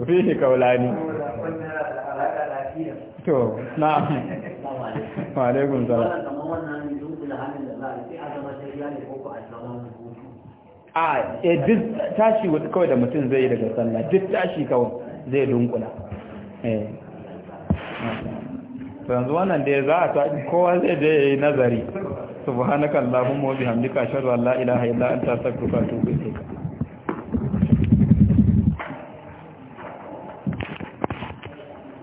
fihi kaulani to na wa alaikum a eh, duk tashi kawai da mutum zai yi daga sallah duk tashi kawai zai dunkula eh. yanzu wannan da ya za a taɗi kowa zai je nazari subhanakan wa bihamdika hamdika an la ilaha illa anta astaghfiruka wa atubu